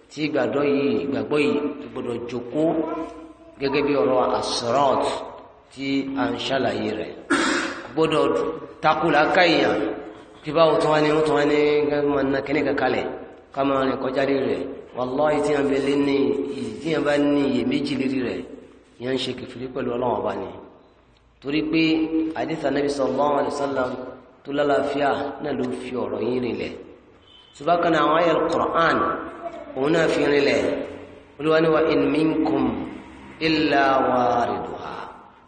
tí ìgbàgbọ́ yìí ìgbàgbọ́ yìí tó gbọdọ̀ jókòó gẹ́gẹ́ bí ọ̀rọ̀ asrat tí a ń ṣàlàyé rẹ̀ gbọdọ̀ takùlá káyà kí báwo tó wá ní wọ́n tó wá ní gẹ́gẹ́ bí wọn kíní kankalẹ̀ ká máa rìn kọjá lé rẹ̀ wàláhì tí wọ́n bẹ lé ní ìdí yẹn bá ní iye méjì lérí rẹ̀ ìyẹn ń ṣe kìfìrí pẹ̀lú ọlọ́wọ́n ọba ni torí pé àdìsá nàbí sallallahu alaihi wasallam tó lálàáfíà náà ló fi ọ̀rọ̀ yín rinlẹ̀ ṣùgbọ́n kan àwọn ayẹ̀l Qur'an òun náà fi rinlẹ̀ olúwa ni wa in minkum illa wariduha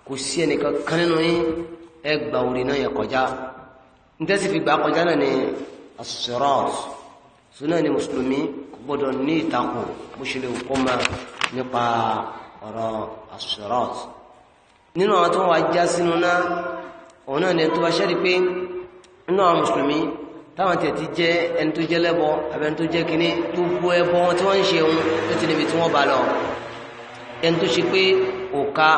kò sí ẹnìkan kan nínú yín ẹ gba orin náà yẹ kọjá ní tẹ́sí fi gbà kọjá náà ni as-sirat súnà ni mùsùlùmí kò gbọ́dọ̀ ní ìtakò bó ṣe lè kó ma nípa ọ̀rọ̀ as-sirat nínú àwọn tó wà já sínú náà òun náà ni tó bá ṣẹ́rí pé nínú àwọn mùsùlùmí táwọn tẹ̀ ti jẹ́ ẹni tó jẹ́ lẹ́bọ àbẹ́ni tó jẹ́ kínní gbogbo ẹbọ wọn tí wọ́n ń ṣe òun tó ti níbi tí wọ́n bá lọ ẹni tó ṣe pé òka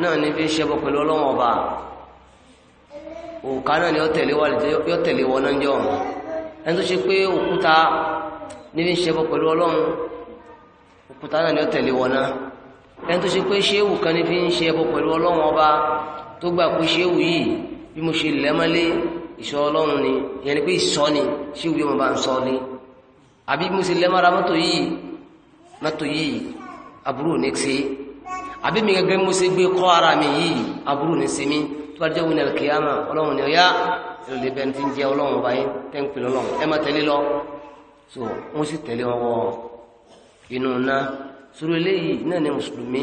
náà ní fi ń ṣẹbọ pẹ̀lú ọlọ́wọ́n ọba òka náà ni yọ tẹ̀lé wọn náà jọ ẹni tó ṣe pé òkúta níbi ń ṣẹbọ pẹ̀lú ọlọ́run òkúta náà ni ó tẹ̀lé wọn náà ẹni tó ṣe pé ṣéwù kan níbi ń ṣẹbọ pẹ̀lú ọlọ́run ọba tó gbà pé ṣéwù yìí bí mo ṣe lẹ́mọ́lé ìṣọ́ ọlọ́run ni ìyẹn ni pé ìṣọ́ ni ṣéwù yóò máa ń sọ ni àbí mo ṣe lẹ́mọ́ra mọ́tò yìí mọ́tò yìí aburú ní ṣe àbí mi gẹ́gẹ́ mo ṣe gbé kọ́ ara mi yìí aburú ní ṣe mi tó bá dé wí nàlẹ́ kìyàmà ọlọ́run ni ọ̀yá ìrọ̀lẹ́ bẹ́ẹ̀ ti ń jẹ ọlọ́run ọba yín tẹ́ lọ́lọ́run ẹ má tẹ̀lé lọ so wọ́n sì tẹ̀lé wọn wọ inú ná sórí eléyìí náà ni mùsùlùmí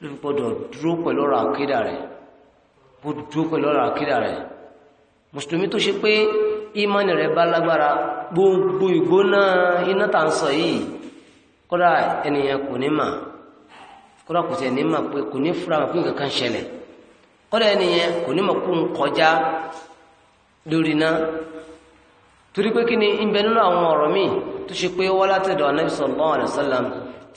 ló fi gbọdọ̀ dúró pẹ̀lú ọ̀rọ̀ àkídà rẹ̀ bó dúró pẹ̀lú ọ̀rọ̀ àkídà rẹ̀ mùsùlùmí tó ṣe pé ìmọ̀nì rẹ̀ bá lágbára gbogbo ìgbóná iná tà ń sọ yìí kódà ènìyàn kò ní mà kódà kò tẹ̀ ní mà pé kò ní fura mà pé nǹkan kan ṣẹlẹ̀ kọ́dà ẹnìyẹn kò ní mọ̀ kó ń kọjá lórí náà torí pé kí ni ń bẹ nínú àwọn ọ̀rọ̀ míì tó ṣe pé wọ́n látẹ̀dọ̀ anabi sallallahu alaihi wasallam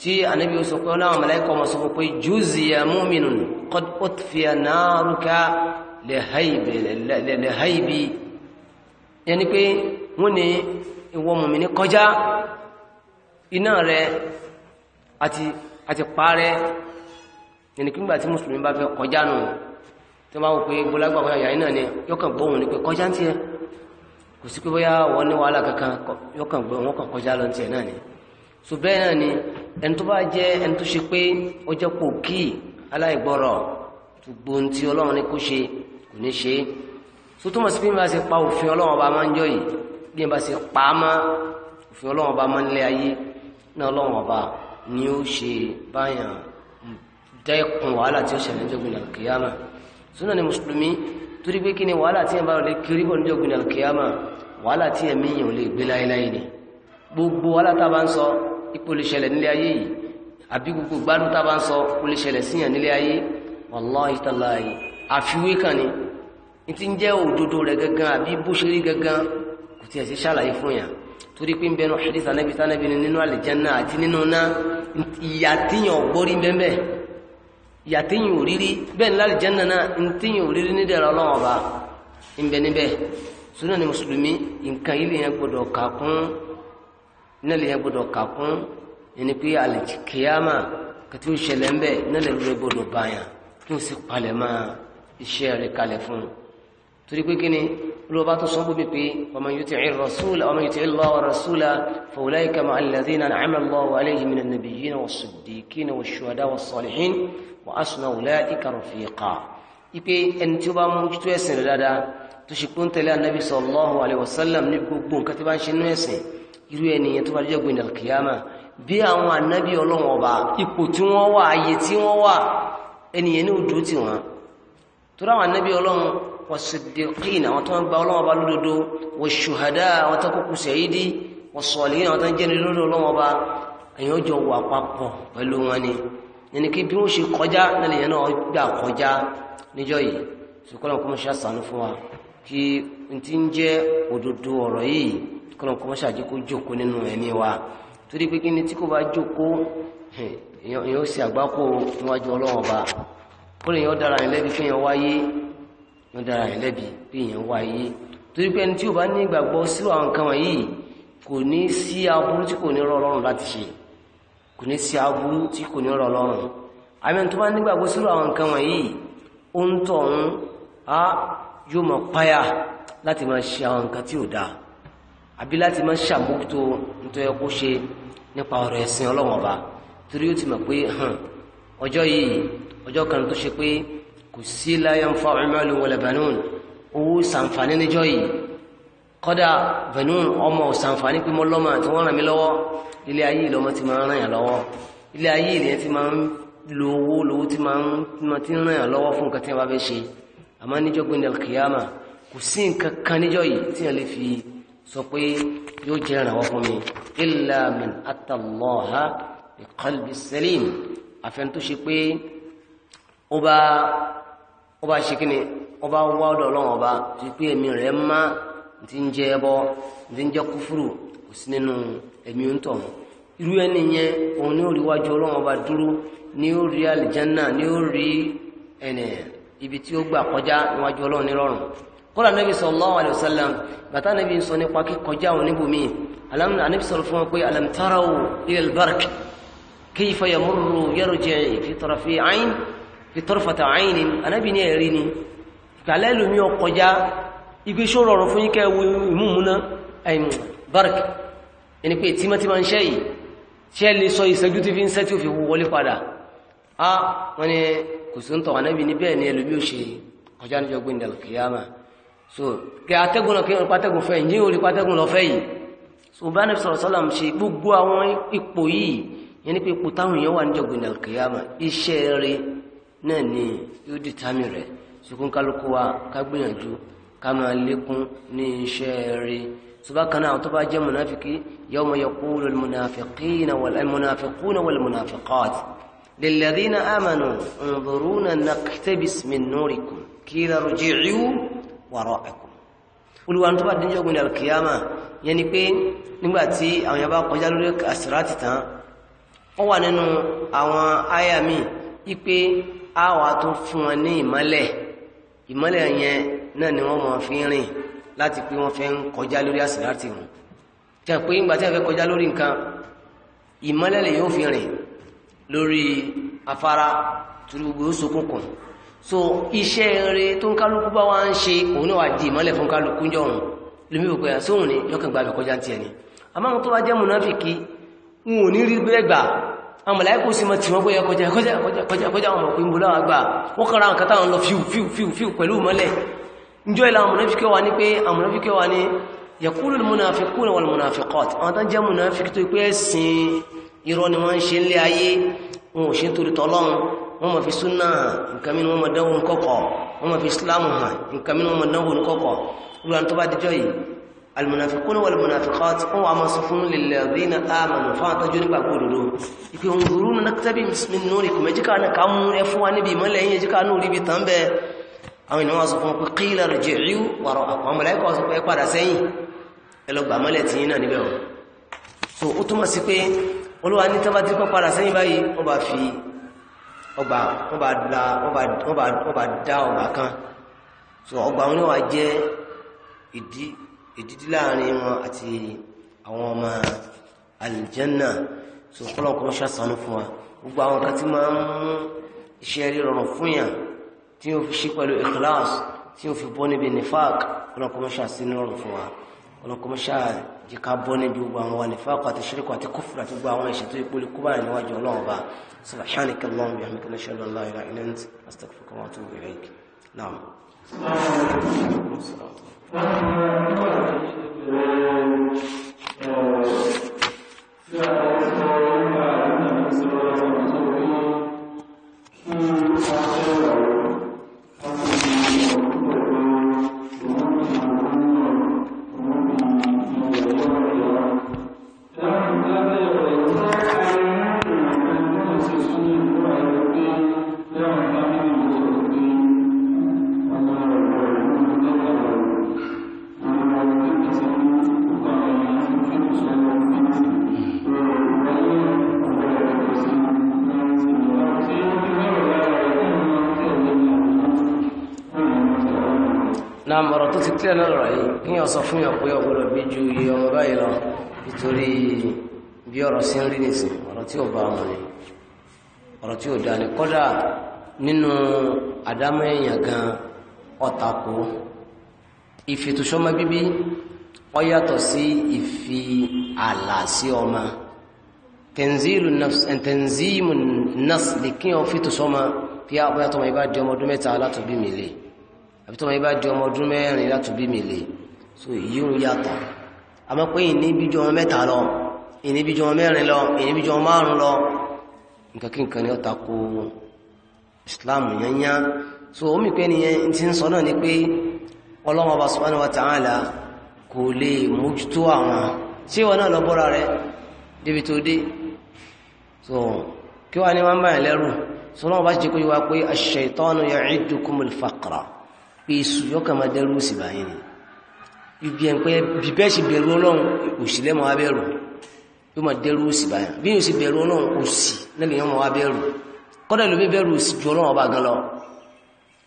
tí anabi sọ pé ọlọ́run màláíkà ọmọ sọ pé juziya mu'minun qad utfiya naruka yẹni pé wọ́n ni ìwọ mùmínì kọjá iná rẹ̀ àti pààrẹ yẹni pé nígbà tí mùsùlùmí bá fẹ́ kọjá nù tí wọ́n bá wò pé gbọ́lágbà wọn yàrá náà ni yọkàn gbóhùn ni pé kọjá ń tiẹ̀ kò sí pé bóyá wọ́n ní wàhálà kankan yọkàn gbóhùn wọn kàn kọjá lọ tiẹ̀ náà ni so bẹ́ẹ̀ náà ni ẹni tó bá jẹ́ ẹni tó ṣe pé ó jẹ́ pò kí aláìgbọ́rọ̀ gbogbo ohun tí ọlọ́run ní kó ṣe kò ní ṣe so tó sí pé bí wọ́n ṣe pa òfin ọlọ́run ọba máa ń jọ yìí bí wọ́n ṣe pa á mọ́ òfin ọlọ́run ọba máa ń lé súnà ni mùsùlùmí torí pé kí ni wàhálà tí ẹ bá lè kiri bọ̀ níjọ́ gbìnà kìyàmà wàhálà tí ẹ̀mí yẹn ò lè gbé láéláé ni gbogbo wàhálà tá a bá ń sọ ipò lè ṣẹlẹ̀ nílé ayé yìí àbí gbogbo gbádùn tá a bá ń sọ kò lè ṣẹlẹ̀ síyàn nílé ayé wàláhì tàláhì àfiwé kan ni ní ti ń jẹ́ gangan àbí bó ṣe gangan kò tiẹ̀ sí ṣàlàyé fún yàn torí pé ń bẹnu hadith anábì tánàbì nínú àlìjánnà àti nínú náà ìyà tíyàn ọ̀gbọ́rí bẹ́ẹ̀ bẹ́ẹ̀ ìyà téyìn ò rírí bẹ́ẹ̀ nílá àlìjánà náà ń téyìn ò rírí nídẹ̀ẹ́rọ ọlọ́wọ́n ọba ńbẹ níbẹ̀ sunna ni mùsùlùmí nǹkan yìí lèyàn gbọdọ̀ kà kún iná lèyàn gbọdọ̀ kà kún ẹni pé àlìkìyàmà kàtí ó ṣẹlẹ̀ ń bẹ̀ iná lèyàn gbọdọ̀ bàyàn kí ó sì palẹ̀ máa iṣẹ́ rẹ̀ kalẹ̀ fún un torí pé kíni olùwàbá tó sọ bóbi pé ọmọ yóò ti ẹ̀rọ wa asuna wùlẹ́ ìkàrọ̀ fi kà ipe ẹni tí ó bá mójútó ẹ̀sìn rẹ̀ dáadáa tó ṣe pé ń tẹ̀lé anabi sallallahu alayhi wa sallam ní gbogbo nǹkan tí bá ń ṣe nínú ẹ̀sìn irú ẹnìyẹn tó bá jẹ́ gbìn alkiyama bí àwọn anabi ọlọ́run ọba ipò tí wọ́n wà ayé tí wọ́n wà ẹnìyẹn ní òdúró tì wọ́n tó dáwọn anabi ọlọ́run والصديقين وتن باولون با لودو والشهداء وتكو سيدي والصالحين وتن جن لودو yẹn ni kí bí wọ́n ṣe kọjá nílẹ̀ yẹn náà gbà kọjá níjọ́ yìí ṣùkọ́lọ́ kó ṣe àṣàánú fún wa kí n ti ń jẹ́ òdodo ọ̀rọ̀ yìí kọ́lọ́ kó mọ́ ṣàjẹ́ kó jókòó nínú ẹ̀mí wa torí pé kí ni tí kò bá jókòó èèyàn ó ṣe àgbákò níwájú ọlọ́wọ́n ọba ó lè yàn dára yẹn lẹ́bi kéèyàn wáyé yàn dára yẹn lẹ́bi pé èèyàn wáyé torí pé ẹni tí ò bá ní ìgbàgbọ́ sílò àwọn nǹkan wọ̀nyí kò ní sí aburú tí kò ní rọrùn láti ṣe kò ní sí aburú tí kò ní rọ̀ lọ́rùn àmì tó bá nígbàgbọ́ sírò àwọn nǹkan wọ̀nyí ó ń tọ̀ ń á yóò mọ̀ páyà láti máa ṣe àwọn nǹkan tí ò dáa àbí láti máa ṣàmójútó nítorí ẹkú ṣe nípa ọ̀rọ̀ ẹ̀sìn ọlọ́wọ́n ọba torí ó ti mọ̀ pé ọjọ́ yìí ọjọ́ kan tó ṣe pé kò sí la yanfa'u malun wala owó sàǹfààní níjọ́ yìí kọ́dà venun ọmọ òsànfàní pé mo lọ́mọ tí wọ́n ràn mí lọ́wọ́ ilé ayé ìlọ́mọ ti máa ń ràn yàn lọ́wọ́ ilé ayé ìlẹ́yìn ti máa ń lo owó lówó ti máa ń ràn yàn lọ́wọ́ fún nǹkan tí wọ́n bá fẹ́ ṣe àmọ́ níjọ́ gbé nílẹ̀ kìyàmà kò sí nǹkan kan níjọ́ yìí tí wọ́n lè fi sọ pé yóò jẹ́ ìrànwọ́ fún mi illa min atallaha bi qalbi àfẹn tó ṣe pé ó bá ṣe kí ni ó bá wá ọ̀dọ̀ ọlọ́run ọba tó ṣe pé ẹ̀mí rẹ̀ máa tí ń jẹ ẹbọ tí ń jẹ kúfúrù kò sí nínú ẹ̀mí òǹtọ̀ irú ẹni yẹn òun ní orí wájú ọlọ́run ọba dúró ní ó rí àlìjánà ní ó rí ẹnẹ ibi tí ó gbà kọjá níwájú ọlọ́run nírọ̀rùn kọ́lá nàbí sallallahu alaihi wasallam bàtà nàbí sọ nípa kíkọjá òun níbòmí anábì sọ̀rọ̀ fún wọn pé alam tarau ila albark kayfa yamurru yarji fi tarafi ayn fi tarfata ayn anábì ní ẹ̀rí ni ìkàlẹ́ ọkọjá igbe ṣó rọrùn fún yíkẹ́ ìmúmúná ẹ̀mù bark ẹni pé tí mọ́tí máa ń ṣẹ́ yìí ṣe lè sọ ìṣẹ́jú tí fi ń ṣẹ́ tí ó fi wọlé padà á wọ́n ni kò sí ń tọ̀ ànábì ní bẹ́ẹ̀ ni ẹlòmí ò ṣe kọjá níjọ gbé ìdàlù kìyàmà so kí atẹ́gùn lọ kí wọ́n pátẹ́gùn fẹ́ yìí orí pátẹ́gùn lọ fẹ́ yìí so bá ní sọ̀rọ̀ sọ́làm ṣe gbogbo àwọn ipò yìí yẹn ni pé ipò táwọn èèyàn wà níjọ gbé ìdàlù kìyàmà iṣẹ́ rẹ̀ náà ni wa ká ká máa lékún ní iṣẹ́ rí subakana àwọn tó bá jẹ́ munafiki yawma yaqulu almunafiqina walmunafiquna walmunafiqat lilladhina amanu unzuruna naqtabis min nurikum qila irji'u wara'akum olùwàrùn tó bá dín jọ́gbìn alkiyama yẹn ni pé nígbàtí àwọn yàbá kọjá lórí àsìrátì tán ó wà nínú àwọn àyà ipe a wà tó fún wọn ní ìmọ́lẹ̀ ìmọ́lẹ̀ yẹn náà ni wọ́n mọ̀ fi ń rìn láti pé wọ́n fẹ́ ń kọjá lórí àsìláàtì wọn tí a pé ìgbà tí a fẹ́ kọjá lórí nǹkan ìmọ́lẹ̀lẹ̀ yóò fi rìn lórí afárá turugbogbo yóò sokùnkùn so iṣẹ́ eré tó ń kálukú bá wá ń ṣe òun náà wà di ìmọ́lẹ̀ fún kálukú jọ òun lómi wò pé àsóhun ni yọkàn gbàgbé kọjá tiẹ̀ ni àmọ́ àwọn tó wá jẹ́ mùnáfìkì n ò ní rí bẹ́ẹ̀ gbà àwọn mọ̀láíkù sí mọ̀ tí wọ́n gbé kọjá kọjá kọjá kọjá àwọn ọmọ pé ń bo láwọn àgbà wọ́n kọ́ra àwọn kan táwọn lọ fíù fíù fíù pẹ̀lú ìmọ́lẹ̀ njọ́ ilá amúnáfikẹ́ wa ní pé amúnáfikẹ́ wa ní yẹkúrò múnáfikún wọn múnáfikọ́t àwọn tán jẹ́ múnáfikí tó pé ẹ̀sìn irọ́ ni wọ́n ń ṣe lé ayé wọn ò ṣe ń torí tọ́lọ́run wọ́n ma fi súnà nǹkan mínú wọn ma dánwò ní kọ́kọ́ wọ́n ma fi islamu hàn nǹkan mínú wọn ma dánwò ní kọ́kọ́ ruwan tó bá dijọ́ yìí almunafikun wal munafiqat wọn wà máa àwọn ènìyàn wọ́n sọ fún ọkùn kílẹ̀ rẹ̀ ríú wàrọ̀ àwọn mọ̀lẹ́kọ̀ sọ pé padà sẹ́yìn ẹlọgbà mọ́lẹ̀ tí náà níbẹ̀ wọn so ó túnmọ̀ sí pé olúwa ní tọ́bá tí pọ́n padà sẹ́yìn báyìí wọ́n bá fi ọgbà wọ́n bá dá ọgbà kan so ọgbà wọn wà jẹ́ ìdídí tí ó fi ṣí pẹ̀lú ikhlas tí ó fi bọ́ níbi nifaq ọlọ́kọmọṣà sí nírọ̀rùn fún wa ọlọ́kọmọṣà jẹ́ ká bọ́ níbi gbogbo àwọn nifaq àti ṣíríkù àti kúfùrù àti gbogbo àwọn ẹ̀ṣẹ̀ tó kúbà níwájú ọlọ́run Thank you. どうも。kí yàn fún yàn pé bí ju iye ọmọ báyìí lọ nítorí bí ọ̀rọ̀ sí ń rí nìsín ọ̀rọ̀ tí ò bá wọn ni ọ̀rọ̀ tí ò dá ni kódà nínú àdámọ́ èèyàn gan ọ̀tàkó ìfètòsọ́mọ bíbí ó yàtọ̀ sí ìfi àlà sí ọmọ tẹ̀nzílù nafs tẹ̀nzímù nafs lè kí wọ́n fètòsọ́mọ bí a bóyá tọmọ ibà di ọmọ ọdún mẹ́ta látòbí mi lè àbí tọmọ ibà di ọmọ ọdún mẹ́rin látòbí mi lè so èyí ń yàtọ̀ àmọ́ pé ìníbíjọ wọn mẹ́ta lọ ìníbíjọ wọn mẹ́rin lọ ìníbíjọ wọn márùn lọ nǹkan kí nǹkan ni ó tako Islam yányá so omi pé nìyẹn ti ń sọ náà ni pé Ọlọ́hun Ọba subhanahu wa ta'ala kò lè mójútó àwọn ṣé wọn náà lọ bọ́ra rẹ débi tó dé so kí wàá ní wọn bá yẹn lẹ́rù so náà bá ti jẹ́ kó yẹ wá pé ash-shaytanu ya'idukumul faqra pé èṣù yọkàn máa dẹ́rù sí báyìí bíbí ẹ̀ ń pẹ́ bí bẹ́ẹ̀ ṣe bẹ̀rù ọlọ́run òsì lẹ́mọ̀ wá bẹ̀rù yóò máa dẹ́rù òsì báyà bí yóò ṣe bẹ̀rù ọlọ́run òsì lẹ́lẹ̀ yóò máa wá bẹ̀rù kọ́dà ló bẹ̀rù òsì ju ọlọ́run ọba gan lọ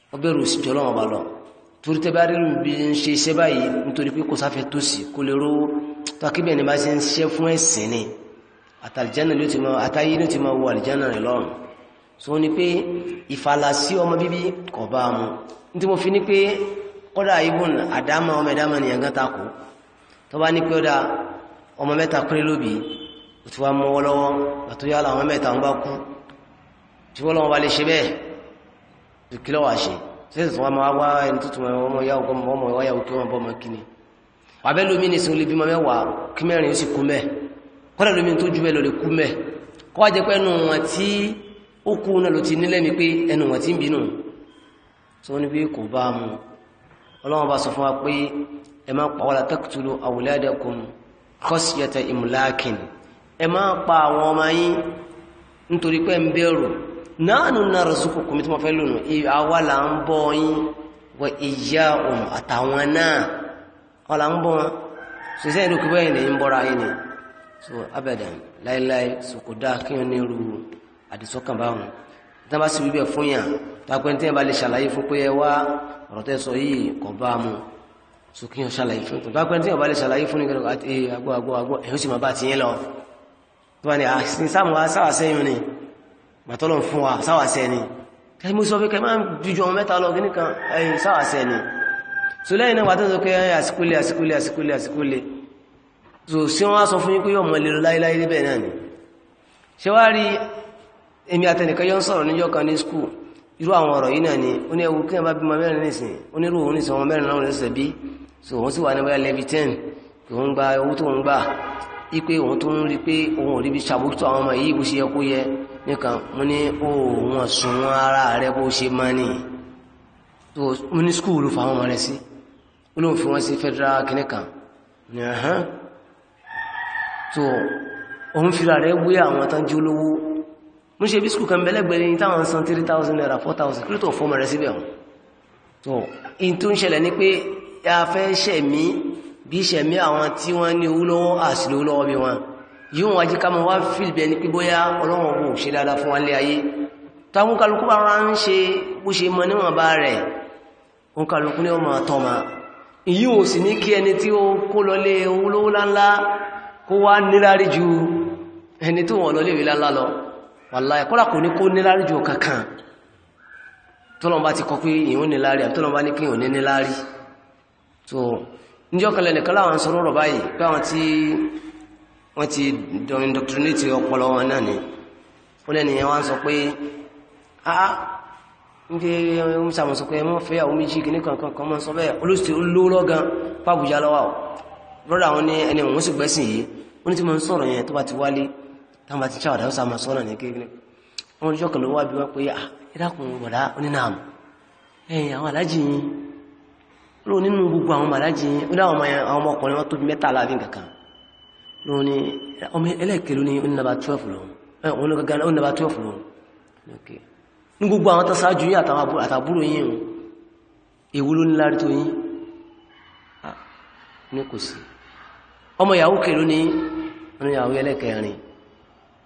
wọ́n bẹ̀rù òsì ju ọlọ́run ọba lọ torí tẹ́ bá rí mi bí ń ṣe iṣẹ́ báyìí nítorí pé kò sáfẹ́ tó sì kó lè rówó tó akébẹ̀ ni bá ṣe ń ṣiṣẹ́ fún ẹ̀sìn ni àtàlìjánà ló ti máa àtàyé ló ti máa wọ àlìjánà rẹ̀ lọ́rùn so ni pé ìfàlàsí ọmọ bíbí kọ̀ bá mu ní tí mo fi ní pé kódà ibùn àdámà ọmọ ẹ̀dámà ni gan takò tó bá ní pé ó dá ọmọ mẹ́ta kúrẹ́ lóbi ó ti wá mọ́wọ́ lọ́wọ́ àtó yálà ọmọ mẹ́ta wọn bá kú tí wọ́n lọ́wọ́ bá lè ṣe bẹ́ẹ̀ tó kí lọ́wọ́ àṣẹ sẹ́sì tó wá máa wá ẹni tó tún ọmọ ya ọkọ ọmọ ya òkè wọn bọ́ ọmọ kíni abẹ́ lómi ní sinmi bímọ mẹ́wàá kí mẹ́rin sì kú mẹ́ kódà lómi tó ju bẹ́ẹ̀ lọ lè kú mẹ́ kó wá jẹ́ pé ẹnu wọn tí ó kú náà ló ti nílẹ̀ mi pé ẹnu wọn ti ń bínú tí ní pé kò bá mu ọlọ́wọ́n bá sọ fún wa pé ẹ má pa wala a awladakum khashyata imlakin ẹ má pa àwọn ọmọ yín nítorí pé ń bẹ̀rù nahnu narzuqukum tí wọ́n fẹ́ àwa là ń yín wa iyyahum àtàwọn náà àwa là ń bọ́ wọn ṣiṣẹ́ ìlú kí bẹ́ẹ̀ ni ń bọ́ra ni so abadan láíláí lai kí wọ́n ní irú àdìsọ́kàn báwọn tí wọ́n bá sì fún yàn bá lè ṣàlàyé fún pé ẹ wá ọ̀rọ̀ tẹ́ sọ yìí kò bá mu so kí wọ́n ṣàlàyé fún ìtọ́jú apẹ́ntì ọba lè ṣàlàyé fún ìgbẹ́rọ àti agbó agbó agbó ẹ̀yọ́ sì máa bá ti yẹn lọ tó wà ní àṣìṣe ah, sáàmù wa sáwàṣẹ́ yìí ni bàtọ́lọ̀ fún wa sáwàṣẹ́ ni kẹ́mi sọ pé kẹ́mi máa ń dújú ọmọ mẹ́ta lọ kíní kan ẹ̀yìn sáwàṣẹ́ ni so lẹ́yìn náà wà tó sọ pé àsìkúlé àsìkúlé àsìkúlé irú àwọn ọ̀rọ̀ yìí náà ni ó ní ẹwu kí wọ́n bá bímọ mẹ́rin nìsín ó ní irú òun nìsín ọmọ mẹ́rin láwọn lọ́sẹ̀ bí so òun sì wà níwáyà lẹ́bi ten kí òun gba owó tó ń gbà í pé òun tó ń rí pé òun ò rí bí ṣàbójútó àwọn ọmọ yìí bó ṣe yẹ kó yẹ nìkan mo ní òun ọ̀sùn ara rẹ bó ṣe máa nì so mo ní skul fa àwọn ọmọ rẹ sí ó lóun fi wọn sí federal clinic kan so òun fira rẹ wé àwọn tán olówó mo ṣe bí skul kan bẹ́lẹ́gbẹ̀rẹ̀ ní táwọn san 3000 naira 4000 kí ló tó fọ́mọ̀ rẹ̀ síbẹ̀ wọn so in tó ń ṣẹlẹ̀ ní pé a fẹ́ ṣẹ̀mí bí ṣẹ̀mí àwọn tí wọ́n ní owó lọ́wọ́ àṣìlò lọ́wọ́ bí wọn yíò wọ́n ajíká mọ́ wá fíìlì bẹ́ẹ̀ ni pé bóyá ọlọ́wọ́n kò ṣe dáadáa fún wọn lé ayé táwọn kálukú bá rán ń ṣe bó wàláyé kọ́lá kò ní kó níláàrí jù kankan tọ́lọ̀mbá ti kọ pé ìhun níláàrí àti tọ́lọ̀mbá ní kí ìhun níláàrí so níjọ́ kan lẹ́nìkan láwọn sọ rọ̀rọ̀ báyìí pé àwọn tí wọ́n ti indoctrinate ọpọlọ wọn náà ni wọ́n lẹ́nu yẹn wá ń sọ pé ah ń gbé ń sàmọ̀ sọ pé wọ́n fẹ́ àwọn méjì kìíní kankan kan mọ́ sọ bẹ́ẹ̀ olóṣèlú olówó lọ́gán pàbùjá lọ́wọ́ brọ́dà wọn ní ẹni òun sì gbẹ́sìn yìí wọ́n ti mọ̀ sọ̀rọ̀ yẹn tó bá ti wálé táwọn bá ti ṣe àwàdà ọ̀sán àmàṣọ́ ní kékeré wọn oníṣọ́ kan ló wá bí wọ́n pé à ìdákùn bọ̀dá onínàmù ẹ̀yìn àwọn alájì yìí ló nínú gbogbo àwọn alájì yìí ó dáwọn ọmọ ọkùnrin wọn tóbi mẹ́ta aláàbí kankan ló ní ọmọ ló ní onínàbà 12 ní ọmọ ìyàwó ẹlẹ́kẹ̀ẹ́rin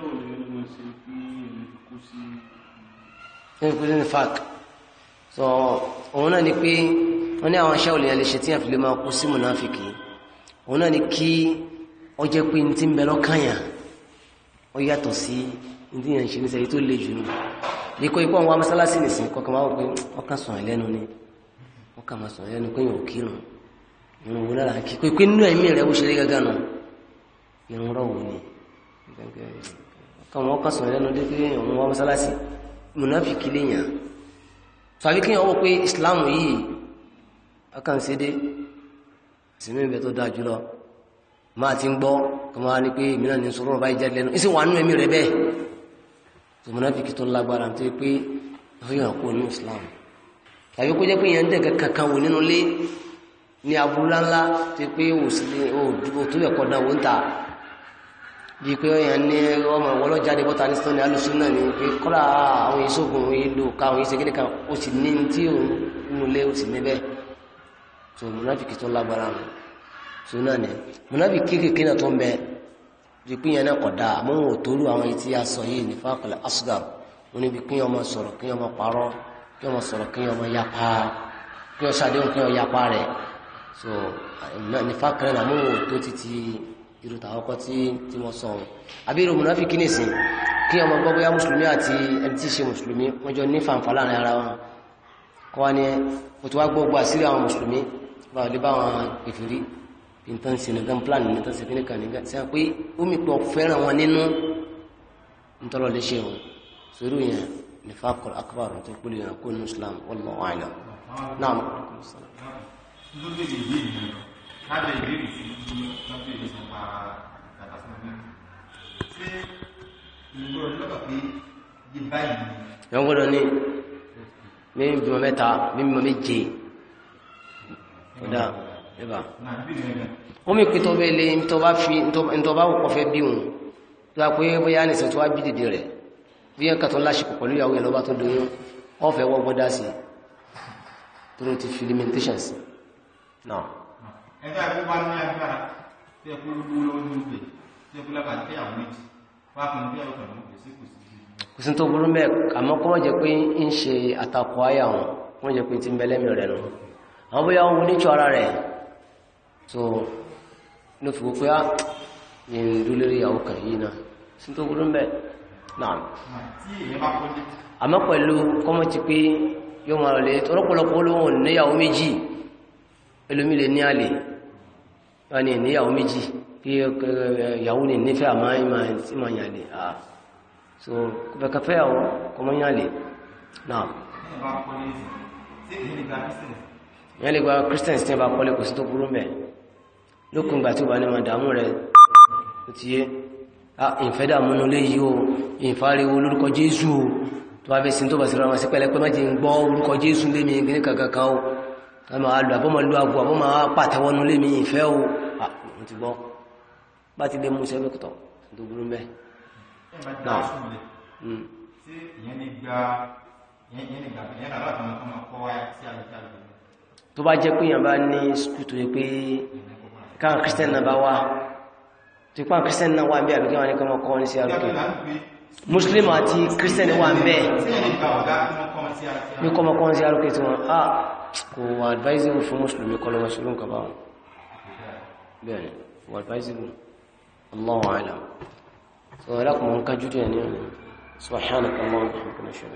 nkú sí ní fák sọ òun náà ni pé wọ́n ní àwọn aṣáwò lèyàn lè ṣe tí lè máa kú sí mùnáfìkì òun náà ni kí ọ jẹ́ pé ní ti ń bẹ lọ́kànyà ọ yàtọ̀ sí ní yàn ṣe tó le jù nù ní kó ikú àwọn amásálásí máa káwọn kan sọ̀rọ̀ lẹ́nu dé pé òun wá mọ́sálásí mùnáfìkì léèyàn tàbí kí wọ́n pé islam yìí akànṣedé ìsinmi ìbẹ̀ tó dáa jùlọ máa ti ń gbọ́ kí wọ́n á ní pé mìíràn ní sọ̀rọ̀ báyìí jáde lẹ́nu ìsìn wà nú ẹ̀mí rẹ̀ bẹ́ẹ̀ tó mùnáfìkì tó lágbára tó yẹ pé ìfihàn kó nínú islam tàbí kó jẹ́ pé ìyẹn ń dẹ̀kẹ́ kankan wò nínú ilé ní aburú ńláńlá tó yẹ pé òsì ní òdúró tó yẹ kọ́ bí pé ọyàn ní ọmọ ìwọlọ jáde bọta ní sọni alùsùnà ni pé kọlá àwọn ìṣògùn ìlú káwọn ìṣe kéde kan ó sì ní tí òun ń lé ó sì níbẹ̀ tó múnáfìkì tó lágbára nù tó náà ni múnáfìkì kéékèèké náà tó ń bẹ bí pé yẹn náà kọ̀ dáa àmọ́ wọn ò tóru àwọn etí aṣọ yìí ní so ní fákọlẹ̀ àmọ́ wọn ò irú tàwọn kọ́ tí tí wọ́n sọ ọ̀rọ̀ àbí irú mùnáfíkí nìsín kí ọmọ gbọ́ bóyá mùsùlùmí àti ẹni tí wọ́n jọ ní fàǹfà láàrin ara wọn kọ́ wa ni o ti wá gbọ́ gbọ́ àṣírí àwọn mùsùlùmí bá wọlé bá wọn ìfìrí nǹkan sí nǹkan plan nǹkan sí kíníkan nǹkan sí pé omi pọ̀ fẹ́ràn wọn nínú ntọ́lọ̀ lè ṣe wọn sórí yẹn ní fàkọ̀rọ̀ akọ́bàrò tó kúlù yẹn kó nù Islam wallahu a'lam náà lábẹ́ ìbéèrè sí lábẹ́ ìṣẹ̀pá catastrophic ṣé ìgbọ́ lọ́gbà pé yé báyìí. yọ̀n gbọ́dọ̀ ní mímú bímọ mẹ́ta mímú bímọ méje kódà ẹ̀bà. wọ́n mi pín tó bẹ́ẹ̀ lé ní tó bá kọfẹ́ bí wọn tó bá pé bóyá nìṣẹ́ tó wá bí dìde rẹ̀ bí yẹn kàtó láṣepọ̀ pẹ̀lú ìyàwó yẹn lọ́ba tó doyún ọ̀fẹ́ wọ́n gbọ́dá sí i tó ló ti fi limitations náà. No ẹgbẹ́ ẹ̀kọ́ bá ní agbára tí ẹ̀kọ́ gbogbo lọ́wọ́ ní oúnjẹ tí ẹ̀kọ́ lábàá tí àwọn méjì wá fún bí ẹ̀kọ́ ní oúnjẹ sí kò sí. kò sí tó burú mẹ́ àmọ́ kó wọ́n jẹ́ pé ń ṣe àtakò ayà wọn wọ́n jẹ́ pé ti ń bẹ lẹ́mìí rẹ̀ nù àwọn bóyá wọn ní ara rẹ̀ tó ló fi wò pé yẹn ah, ń dúró lórí ìyàwó kan yìí náà sí tó burú mẹ́ náà àmọ́ pẹ̀lú kọ́mọ́ ti pé yóò máa lè tọ́lọ́pọ̀lọpọ̀ olówó níyàwó méjì ẹlòmí ní àlè wọ́n ní ìníyàwó méjì kí ìyàwó ní nífẹ̀ẹ́ àmọ́ ìmọ̀ a, lè à so bẹ̀kẹ̀ fẹ́ ọ̀ kọmọ yàn lè náà yàn lè gba christians tí wọ́n bá kọ́lé kò sí tó burú mẹ́ lókun ìgbà tí ó bá ní máa dààmú rẹ̀ ó ti yé ìfẹ́ dààmú nulé yìí o ìfáriwo lórúkọ jésù tó bá fẹ́ sin tó bá sí ra wọn sí pẹ́lẹ́pẹ́ má ti ń gbọ́ orúkọ jésù lé mi gíní kankan kan o ẹmọ alù àbọ́mọlú agbó àbọ́mọ pàtàwọnú lè mi ìfẹ́ o àwọn ti gbọ́ bá ti lè mú iṣẹ́ lókùtọ̀ tó burú mẹ́ hmm. tó bá jẹ́ pé yàn bá ní skú tó yẹ pé káà kírísítẹ́n náà bá wá tó pán kírísítẹ́n náà wà ń bẹ́ àbíkẹ́ wọn ní kọmọ kọ́ ní sí àrùkẹ́ muslim àti kírísítẹ́n wà ń ní kọmọ kọ́ ní sí àrùkẹ́ tí wọ́n ah, kò wà advisable fún mùsùlùmí kọ́ lọ́wọ́ ṣe ló ń kọ́ bá wọn bẹ́ẹ̀ ni kò wà advisable Allahu a'lam sọ ẹlẹ́kùnmọ́ nǹkan jùlọ ní ọ̀nà subhanaka Allahumma wa bihamdika